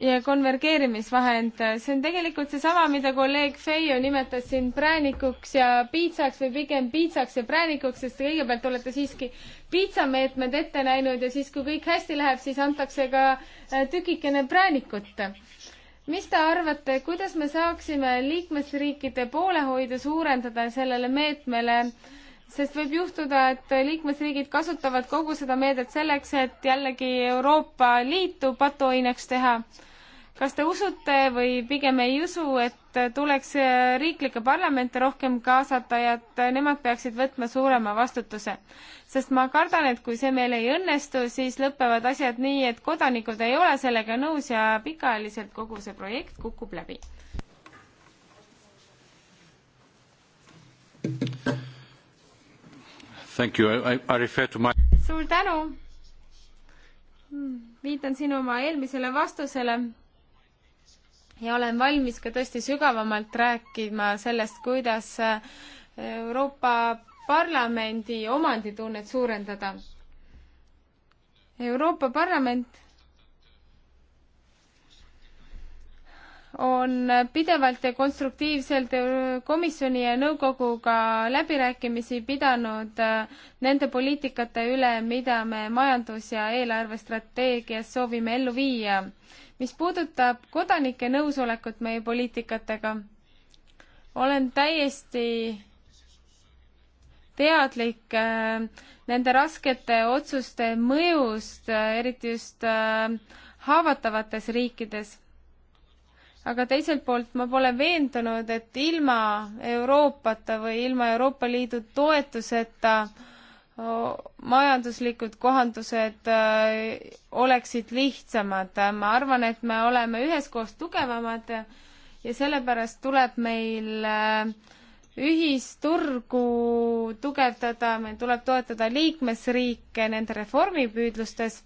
ja konvergeerimisvahend, see on tegelikult seesama, mida kolleeg Feijo nimetas siin präänikuks ja piitsaks või pigem piitsaks ja präänikuks, sest kõigepealt olete siiski piitsameetmed ette näinud ja siis, kui kõik hästi läheb, siis antakse ka tükikene präänikut mis te arvate, kuidas me saaksime liikmesriikide poolehoidu suurendada sellele meetmele, sest võib juhtuda, et liikmesriigid kasutavad kogu seda meedet selleks, et jällegi Euroopa Liitu patuoinaks teha kas te usute või pigem ei usu, et tuleks riiklikke parlamente rohkem kaasata ja et nemad peaksid võtma suurema vastutuse? sest ma kardan, et kui see meil ei õnnestu, siis lõpevad asjad nii, et kodanikud ei ole sellega nõus ja pikaajaliselt kogu see projekt kukub läbi. Thank you. I, I refer to my... suur tänu. Hmm, viitan sinu oma eelmisele vastusele ja olen valmis ka tõesti sügavamalt rääkima sellest, kuidas äh, Euroopa Parlamendi omanditunnet suurendada. Euroopa Parlament on pidevalt ja konstruktiivselt komisjoni ja nõukoguga läbirääkimisi pidanud äh, nende poliitikate üle, mida me majandus- ja eelarvestrateegias soovime ellu viia mis puudutab kodanike nõusolekut meie poliitikatega, olen täiesti teadlik äh, nende raskete otsuste mõjust äh,, eriti just äh, haavatavates riikides. aga teiselt poolt ma pole veendunud, et ilma Euroopata või ilma Euroopa Liidu toetuseta äh, majanduslikud kohandused äh, oleksid lihtsamad. ma arvan, et me oleme üheskoos tugevamad ja sellepärast tuleb meil äh, ühisturgu tugevdada, meil tuleb toetada liikmesriike nende reformipüüdlustes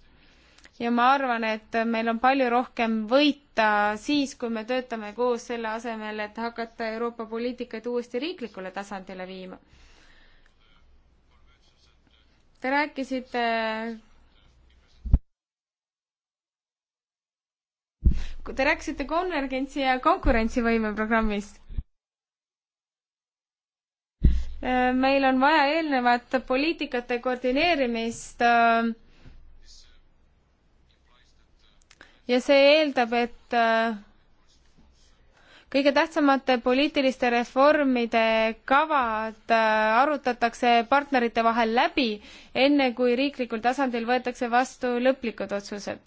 ja ma arvan, et meil on palju rohkem võita siis, kui me töötame koos selle asemel, et hakata Euroopa poliitikaid uuesti riiklikule tasandile viima Te rääkisite Te rääkisite konvergentsi ja konkurentsivõime programmist. meil on vaja eelnevat poliitikate koordineerimist äh, ja see eeldab, et kõige tähtsamate poliitiliste reformide kavad äh, arutatakse partnerite vahel läbi, enne kui riiklikul tasandil võetakse vastu lõplikud otsused.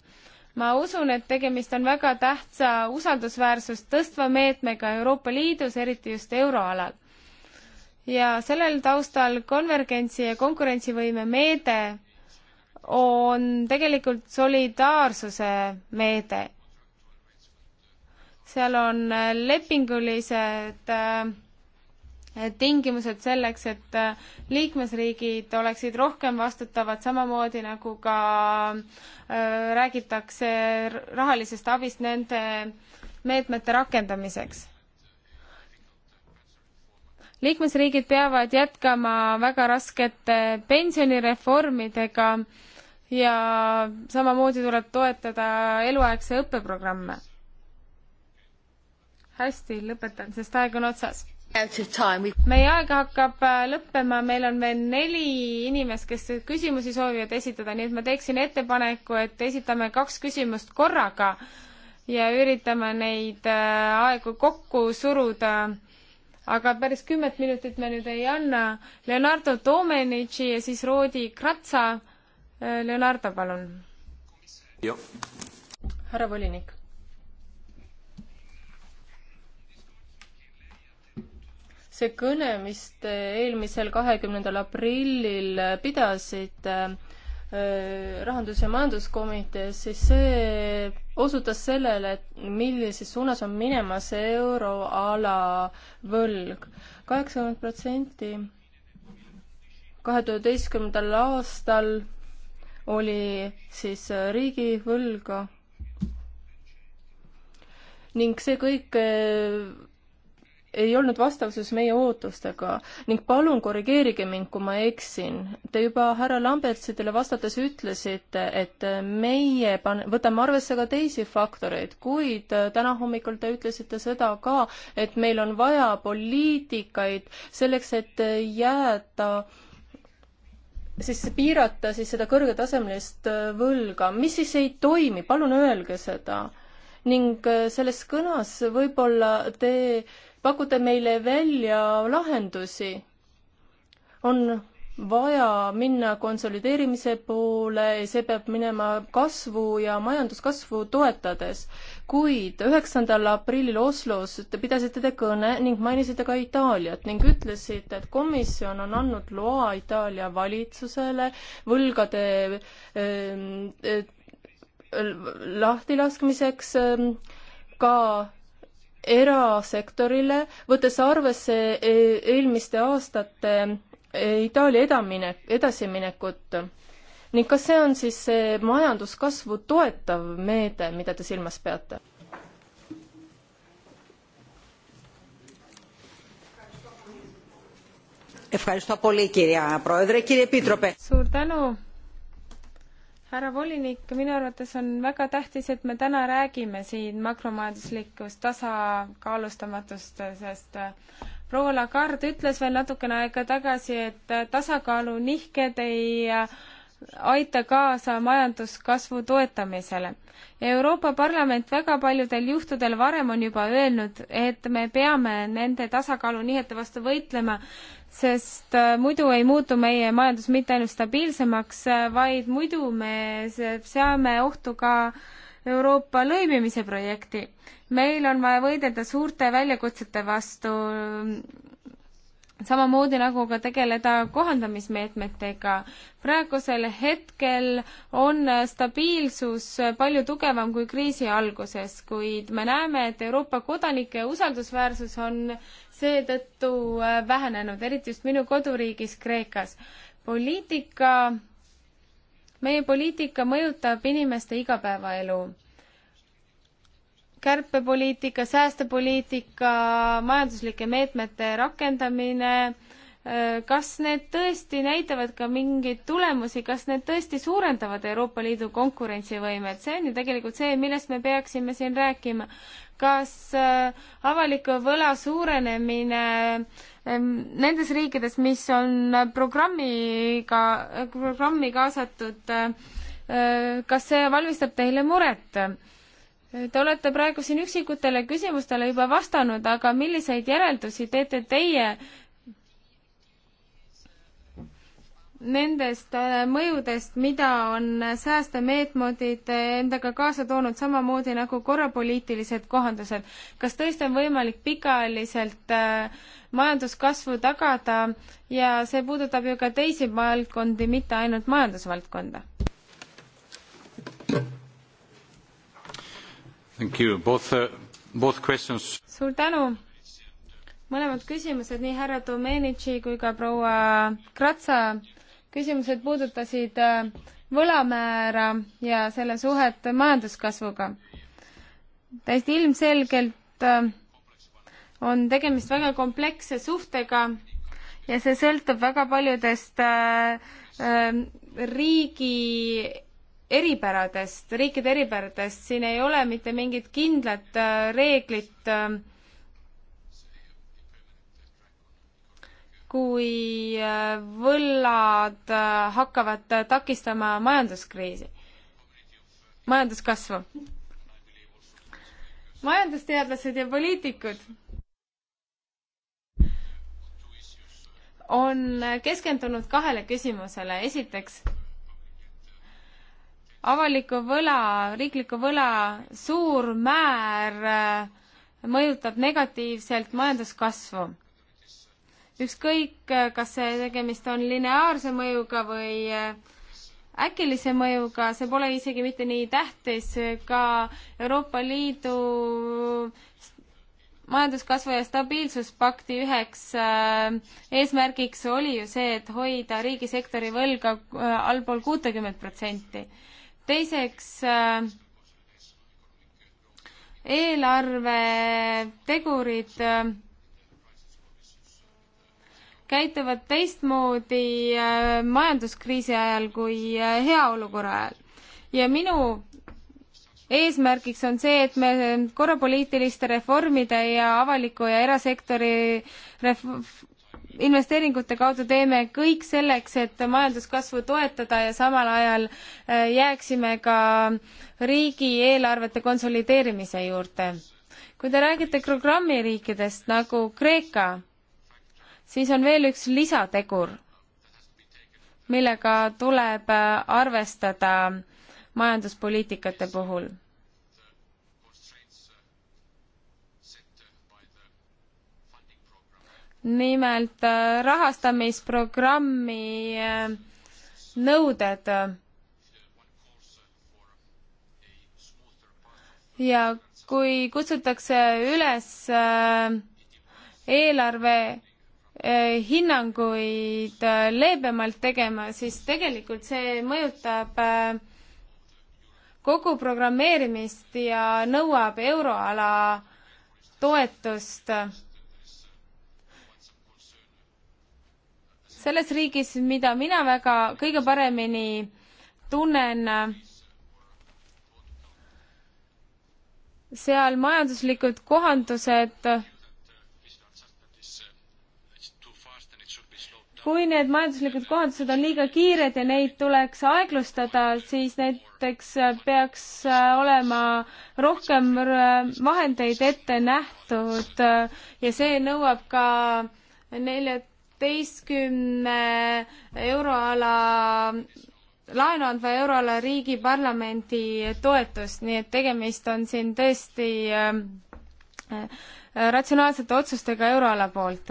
ma usun, et tegemist on väga tähtsa usaldusväärsust tõstva meetmega Euroopa Liidus, eriti just euroalal. ja sellel taustal konvergentsi ja konkurentsivõime meede on tegelikult solidaarsuse meede seal on äh, lepingulised äh, tingimused selleks, et äh, liikmesriigid oleksid rohkem vastutavad, samamoodi nagu ka räägitakse rahalisest abist nende meetmete rakendamiseks liikmesriigid peavad jätkama väga raskete pensionireformidega ja samamoodi tuleb toetada eluaegse õppeprogramme hästi, lõpetan, sest aeg on otsas. meie aeg hakkab äh, lõppema, meil on veel neli inimest, kes küsimusi soovivad esitada, nii et ma teeksin ettepaneku, et esitame kaks küsimust korraga ja üritame neid äh, aegu kokku suruda aga päris kümmet minutit me nüüd ei anna. Leonardo Domenici ja siis Roodi Kratsa. Äh, Leonardo, palun. härra volinik. see kõne, mis te eelmisel kahekümnendal aprillil pidasite äh, rahandus- ja majanduskomitees, siis see osutas sellele, et millises suunas on minemas euroala võlg. kaheksakümmend protsenti kahe tuhande üheteistkümnendal aastal oli siis riigivõlga ning see kõik äh, ei olnud vastavuses meie ootustega ning palun korrigeerige mind, kui ma eksin. Te juba härra Lambertsidele vastates ütlesite, et meie pan-, võtame arvesse ka teisi faktoreid, kuid äh, täna hommikul te ütlesite seda ka, et meil on vaja poliitikaid selleks, et jääda siis piirata siis seda kõrgetasemelist äh, võlga, mis siis ei toimi, palun öelge seda. ning äh, selles kõnas võib-olla te äh, pakute meile välja lahendusi. on vaja minna konsolideerimise poole, see peab minema kasvu ja majanduskasvu toetades. kuid üheksandal aprillil Oslos te pidasite te kõne ning mainisite ka Itaaliat ning ütlesite, et komisjon on andnud loa Itaalia valitsusele võlgade äh, äh, lahtilaskmiseks äh, ka erasektorile, võttes arvesse e, eelmiste aastate e, Itaalia edaminek, edasiminekut ning kas see on siis see majanduskasvu toetav meede, mida te silmas peate? suur tänu, härra volinik, minu arvates on väga tähtis, et me täna räägime siin makromajanduslikust tasakaalustamatust, sest äh, proua Lagarde ütles veel natukene aega tagasi, et äh, tasakaalu nihked ei äh, aita kaasa majanduskasvu toetamisele. Euroopa Parlament väga paljudel juhtudel varem on juba öelnud, et me peame nende tasakaalunihete vastu võitlema, sest äh, muidu ei muutu meie majandus mitte ainult stabiilsemaks, äh, vaid muidu me seame ohtu ka Euroopa lõimimise projekti. meil on vaja võidelda suurte väljakutsete vastu samamoodi nagu ka tegeleda kohandamismeetmetega. praegusel hetkel on stabiilsus palju tugevam kui kriisi alguses, kuid me näeme, et Euroopa kodanike usaldusväärsus on seetõttu äh, vähenenud, eriti just minu koduriigis Kreekas. poliitika, meie poliitika mõjutab inimeste igapäevaelu kärpepoliitika, säästepoliitika, majanduslike meetmete rakendamine, kas need tõesti näitavad ka mingeid tulemusi, kas need tõesti suurendavad Euroopa Liidu konkurentsivõimet, see on ju tegelikult see, millest me peaksime siin rääkima. kas äh, avaliku võla suurenemine ähm, nendes riikides, mis on programmiga, programmi kaasatud, äh, äh, kas see valmistab teile muret? Te olete praegu siin üksikutele küsimustele juba vastanud, aga milliseid järeldusi teete teie nendest äh, mõjudest, mida on säästemeetmodid endaga kaasa toonud, samamoodi nagu korrapoliitilised kohandused? kas tõesti on võimalik pikaajaliselt äh, majanduskasvu tagada ja see puudutab ju ka teisi valdkondi, mitte ainult majandusvaldkonda? Both, uh, both suur tänu! mõlemad küsimused, nii härra Domenici kui ka proua Kratsa küsimused puudutasid äh, võlamäära ja selle suhet majanduskasvuga. täiesti ilmselgelt äh, on tegemist väga kompleksse suhtega ja see sõltub väga paljudest äh, riigi eripäradest, riikide eripäradest, siin ei ole mitte mingit kindlat äh, reeglit, äh, kui äh, võllad hakkavad takistama majanduskriisi, majanduskasvu. majandusteadlased ja poliitikud on keskendunud kahele küsimusele, esiteks avaliku võla, riikliku võla suur määr äh, mõjutab negatiivselt majanduskasvu. ükskõik, äh, kas see tegemist on lineaarse mõjuga või äh, äkilise mõjuga, see pole isegi mitte nii tähtis, ka Euroopa Liidu majanduskasvu ja stabiilsuspakti üheks äh, eesmärgiks oli ju see, et hoida riigisektori võlga äh, allpool kuutekümmet protsenti teiseks äh, eelarvetegurid äh, käituvad teistmoodi äh, majanduskriisi ajal kui heaolukorra ajal. ja minu eesmärgiks on see, et me korrapoliitiliste reformide ja avaliku ja erasektori ref-, investeeringute kaudu teeme kõik selleks, et majanduskasvu toetada ja samal ajal äh, jääksime ka riigieelarvete konsolideerimise juurde. kui te räägite programmiriikidest nagu Kreeka, siis on veel üks lisategur, millega tuleb äh, arvestada majanduspoliitikate puhul nimelt äh, rahastamisprogrammi äh, nõuded. ja kui kutsutakse üles äh, eelarve hinnanguid leebemalt tegema, siis tegelikult see mõjutab kogu programmeerimist ja nõuab euroala toetust selles riigis, mida mina väga kõige paremini tunnen, seal majanduslikud kohandused kui need majanduslikud kohandused on liiga kiired ja neid tuleks aeglustada, siis näiteks peaks olema rohkem vahendeid ette nähtud ja see nõuab ka nelja kaheteistkümne euroala laenu andva euroala riigi parlamendi toetust, nii et tegemist on siin tõesti äh, äh ratsionaalsete otsustega euroala poolt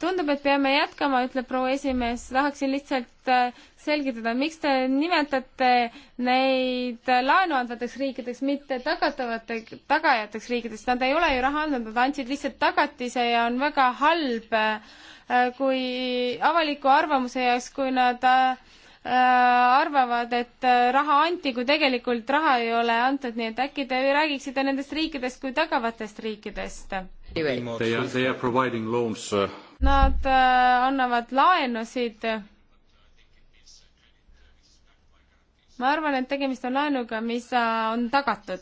tundub, et peame jätkama, ütleb proua esimees, tahaksin lihtsalt äh, selgitada, miks te nimetate neid laenu andvateks riikideks, mitte tagatavate, tagajateks riikideks, nad ei ole ju raha andnud, nad andsid lihtsalt tagatise ja on väga halb äh, kui avaliku arvamuse jaoks, kui nad äh, arvavad, et raha anti, kui tegelikult raha ei ole antud, nii et äkki te räägiksite nendest riikidest kui tagavatest riikidest? They are, they are providing loans uh, Nad äh, annavad laenusid. ma arvan, et tegemist on laenuga, mis äh, on tagatud.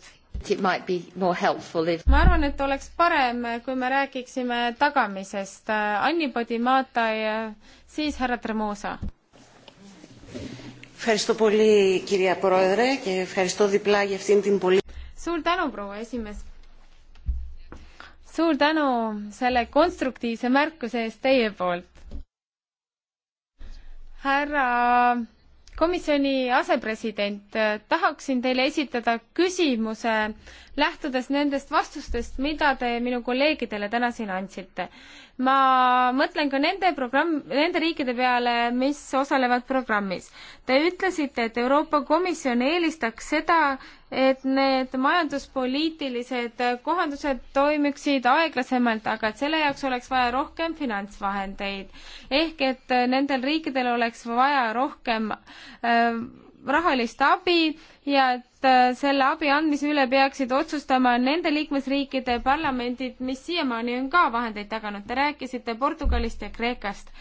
If... ma arvan, et oleks parem, kui me räägiksime tagamisest. Anni Podimata ja siis härra Tremosa. Ευχαριστώ πολύ κυρία Πρόεδρε και ευχαριστώ διπλά για αυτήν την πολύ... Suur tänu, proua esimees suur tänu selle konstruktiivse märkuse eest teie poolt. härra komisjoni asepresident, tahaksin teile esitada küsimuse lähtudes nendest vastustest, mida te minu kolleegidele täna siin andsite. ma mõtlen ka nende programm, nende riikide peale, mis osalevad programmis. Te ütlesite, et Euroopa Komisjon eelistaks seda, et need majanduspoliitilised kohandused toimiksid aeglasemalt, aga et selle jaoks oleks vaja rohkem finantsvahendeid. ehk et nendel riikidel oleks vaja rohkem äh, rahalist abi ja et Äh, selle abi andmise üle peaksid otsustama nende liikmesriikide parlamendid, mis siiamaani on ka vahendeid taganud. Te rääkisite Portugalist ja Kreekast.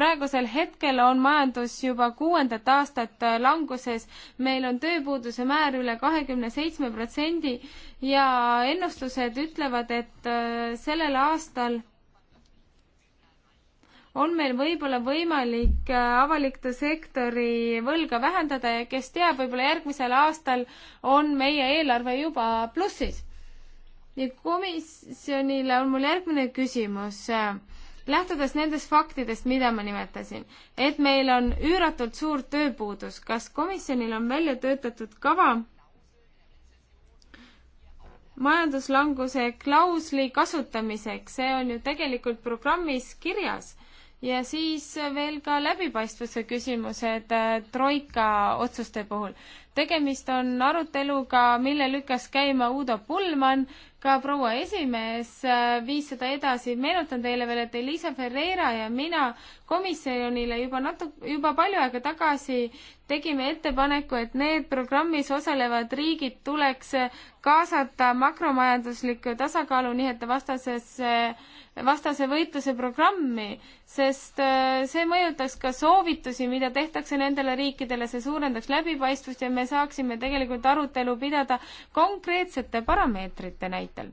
praegusel hetkel on majandus juba kuuendat aastat äh, languses, meil on tööpuuduse määr üle kahekümne seitsme protsendi ja ennustused ütlevad, et äh, sellel aastal on meil võib-olla võimalik äh, avaliku sektori võlga vähendada ja kes teab, võib-olla järgmisel aastal on meie eelarve juba plussis. ja komisjonile on mul järgmine küsimus. Äh, lähtudes nendest faktidest, mida ma nimetasin, et meil on üüratult suur tööpuudus, kas komisjonil on välja töötatud kava majanduslanguse klausli kasutamiseks, see on ju tegelikult programmis kirjas ja siis veel ka läbipaistvuse küsimused äh, troika otsuste puhul. tegemist on aruteluga, mille lükkas käima Udo Pullmann, ka proua esimees äh, viis seda edasi. meenutan teile veel, et Elisa Ferreira ja mina komisjonile juba natu-, juba palju aega tagasi tegime ettepaneku, et need programmis osalevad riigid tuleks kaasata makromajandusliku tasakaalu nihete vastasesse äh, vastase võitluse programmi, sest äh, see mõjutaks ka soovitusi, mida tehtakse nendele riikidele, see suurendaks läbipaistvust ja me saaksime tegelikult arutelu pidada konkreetsete parameetrite näitel.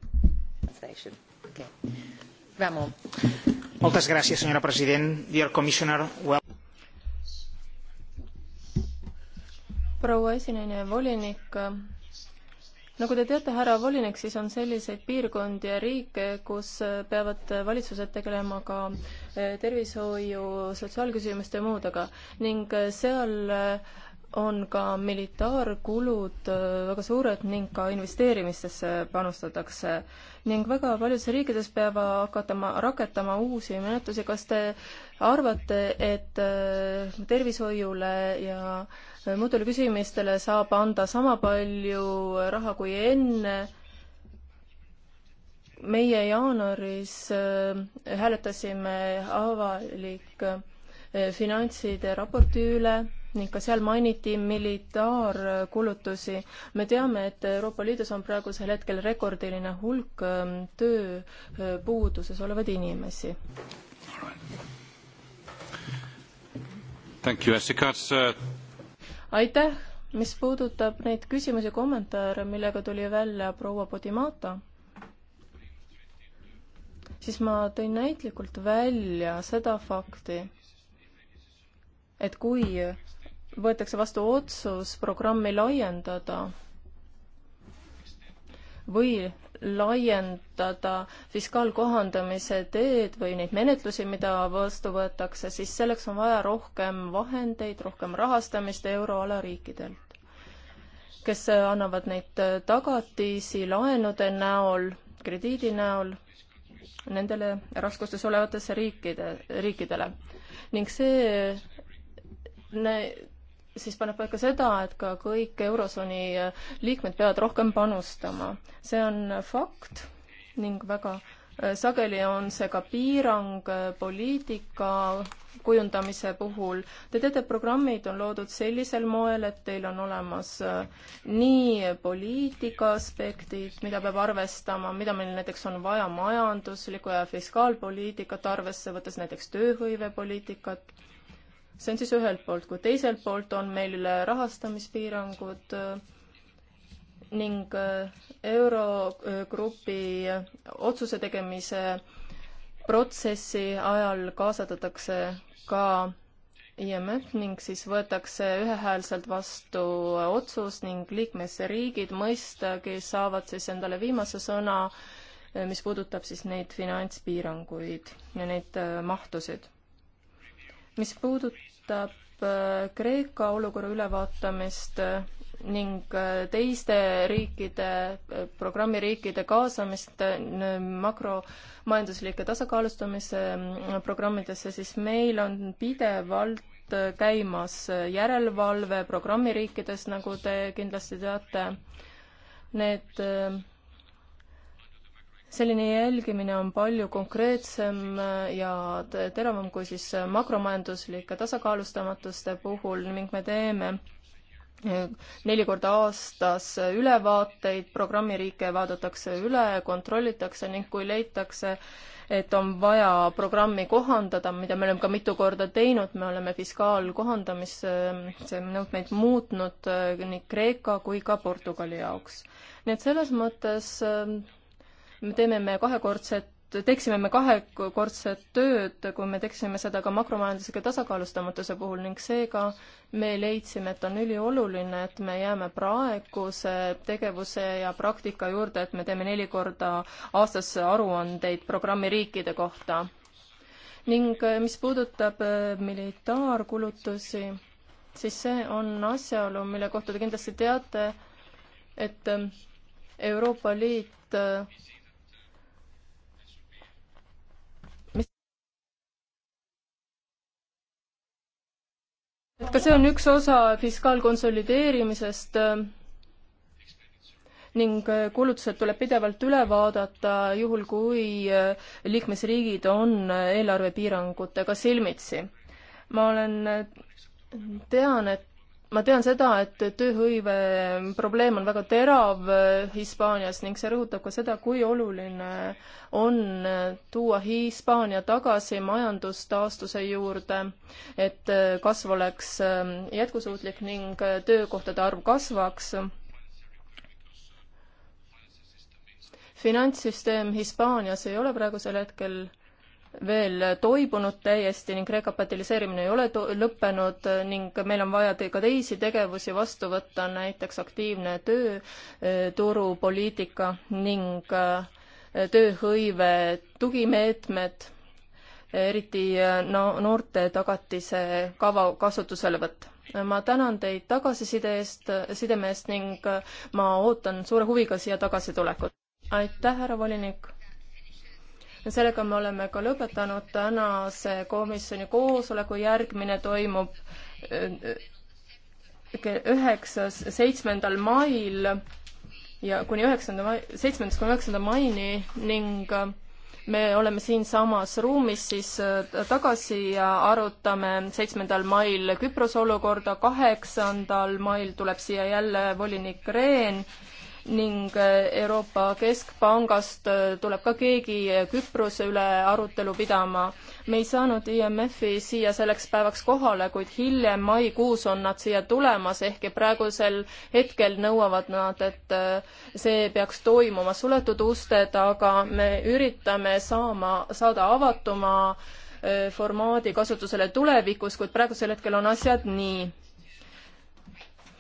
proua esineja, volinik nagu te teate, härra volinik, siis on selliseid piirkondi ja riike, kus peavad valitsused tegelema ka eh, tervishoiu, sotsiaalküsimuste ja muudega ning eh, seal eh, on ka militaarkulud äh, väga suured ning ka investeerimistesse panustatakse. ning väga paljudes riikides peab hakatama, rakendama uusi menetlusi, kas te arvate, et äh, tervishoiule ja äh, muudele küsimustele saab anda sama palju raha kui enne? meie jaanuaris hääletasime avalik finantside raporti üle ning ka seal mainiti militaarkulutusi. me teame, et Euroopa Liidus on praegusel hetkel rekordiline hulk ähm, tööpuuduses olevaid inimesi. Uh, aitäh, mis puudutab neid küsimusi ja kommentaare, millega tuli välja proua Podimata siis ma tõin näitlikult välja seda fakti, et kui võetakse vastu otsus programmi laiendada või laiendada fiskaalkohandamise teed või neid menetlusi, mida vastu võetakse, siis selleks on vaja rohkem vahendeid, rohkem rahastamist euroala riikidelt, kes annavad neid tagatisi laenude näol, krediidi näol nendele raskustes olevatesse riikide, riikidele. ning see ne, siis paneb paika seda, et ka kõik Eurosoni liikmed peavad rohkem panustama. see on fakt ning väga äh, sageli on see ka piirang äh, poliitika kujundamise puhul. Te teate, programmid on loodud sellisel moel, et teil on olemas äh, nii poliitika aspektid, mida peab arvestama, mida meil näiteks on vaja majanduslikku ja fiskaalpoliitikat arvesse võttes, näiteks tööhõivepoliitikat see on siis ühelt poolt, kui teiselt poolt on meil rahastamispiirangud äh, ning äh, Eurogrupi äh, otsuse tegemise protsessi ajal kaasatatakse ka IMF ning siis võetakse ühehäälselt vastu otsus ning liikmesriigid mõistagi saavad siis endale viimase sõna, mis puudutab siis neid finantspiiranguid ja neid mahtusid. mis puudutab puudutab äh, Kreeka olukorra ülevaatamist äh, ning äh, teiste riikide, programmiriikide kaasamist makromajanduslike tasakaalustamise mm, programmidesse, siis meil on pidevalt käimas järelevalve programmiriikides, nagu te kindlasti teate. Need selline jälgimine on palju konkreetsem ja teravam kui siis makromajanduslike tasakaalustamatuste puhul ning me teeme eh, neli korda aastas ülevaateid, programmiriike vaadatakse üle, kontrollitakse ning kui leitakse, et on vaja programmi kohandada, mida me oleme ka mitu korda teinud, me oleme fiskaalkohandamise eh, nõudmeid muutnud eh, nii Kreeka kui ka Portugali jaoks. nii et selles mõttes me teeme me kahekordset, teeksime me kahekordset tööd, kui me teeksime seda ka makromajandusega tasakaalustamatuse puhul ning seega me leidsime, et on ülioluline, et me jääme praeguse tegevuse ja praktika juurde, et me teeme neli korda aastas aruandeid programmi riikide kohta. ning äh, mis puudutab äh, militaarkulutusi, siis see on asjaolu, mille kohta te kindlasti teate, et äh, Euroopa Liit et ka see on üks osa fiskaalkonsolideerimisest äh, ning äh, kulutused tuleb pidevalt üle vaadata, juhul kui äh, liikmesriigid on eelarvepiirangutega silmitsi. ma olen, tean, et ma tean seda, et tööhõive probleem on väga terav eh, Hispaanias ning see rõhutab ka seda, kui oluline on eh, tuua Hispaania tagasi majandustaastuse juurde, et eh, kasv oleks jätkusuutlik ning töökohtade arv kasvaks. finantssüsteem Hispaanias ei ole praegusel hetkel veel toibunud täiesti ning rekapitaliseerimine ei ole lõppenud ning meil on vaja te ka teisi tegevusi vastu võtta, näiteks aktiivne tööturupoliitika ning äh, tööhõive tugimeetmed, eriti äh, no noorte tagatise kava kasutuselevõtt ma tänan teid tagasiside eest, sideme eest ning äh, ma ootan suure huviga siia tagasitulekut. aitäh, härra volinik! ja sellega me oleme ka lõpetanud tänase komisjoni koosoleku, järgmine toimub äh, üheksas, seitsmendal mail ja kuni üheksanda mai, seitsmendast kuni üheksanda maini ning äh, me oleme siinsamas ruumis siis äh, tagasi ja arutame seitsmendal mail Küprose olukorda, kaheksandal mail tuleb siia jälle volinik Rehn ning äh, Euroopa Keskpangast äh, tuleb ka keegi äh, Küprose üle arutelu pidama. me ei saanud IMF-i siia selleks päevaks kohale, kuid hiljem maikuus on nad siia tulemas, ehkki praegusel hetkel nõuavad nad, et see peaks toimuma suletud uste taga, me üritame saama, saada avatuma formaadi kasutusele tulevikus, kuid praegusel hetkel on asjad nii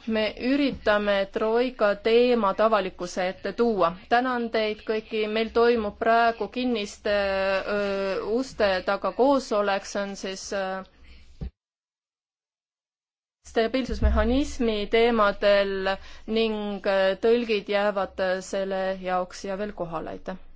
me üritame Troika teemad avalikkuse ette tuua. tänan teid kõiki, meil toimub praegu kinniste öö, uste taga koosolek, see on siis öö, stabiilsusmehhanismi teemadel ning tõlgid jäävad selle jaoks ja veel kohale, aitäh!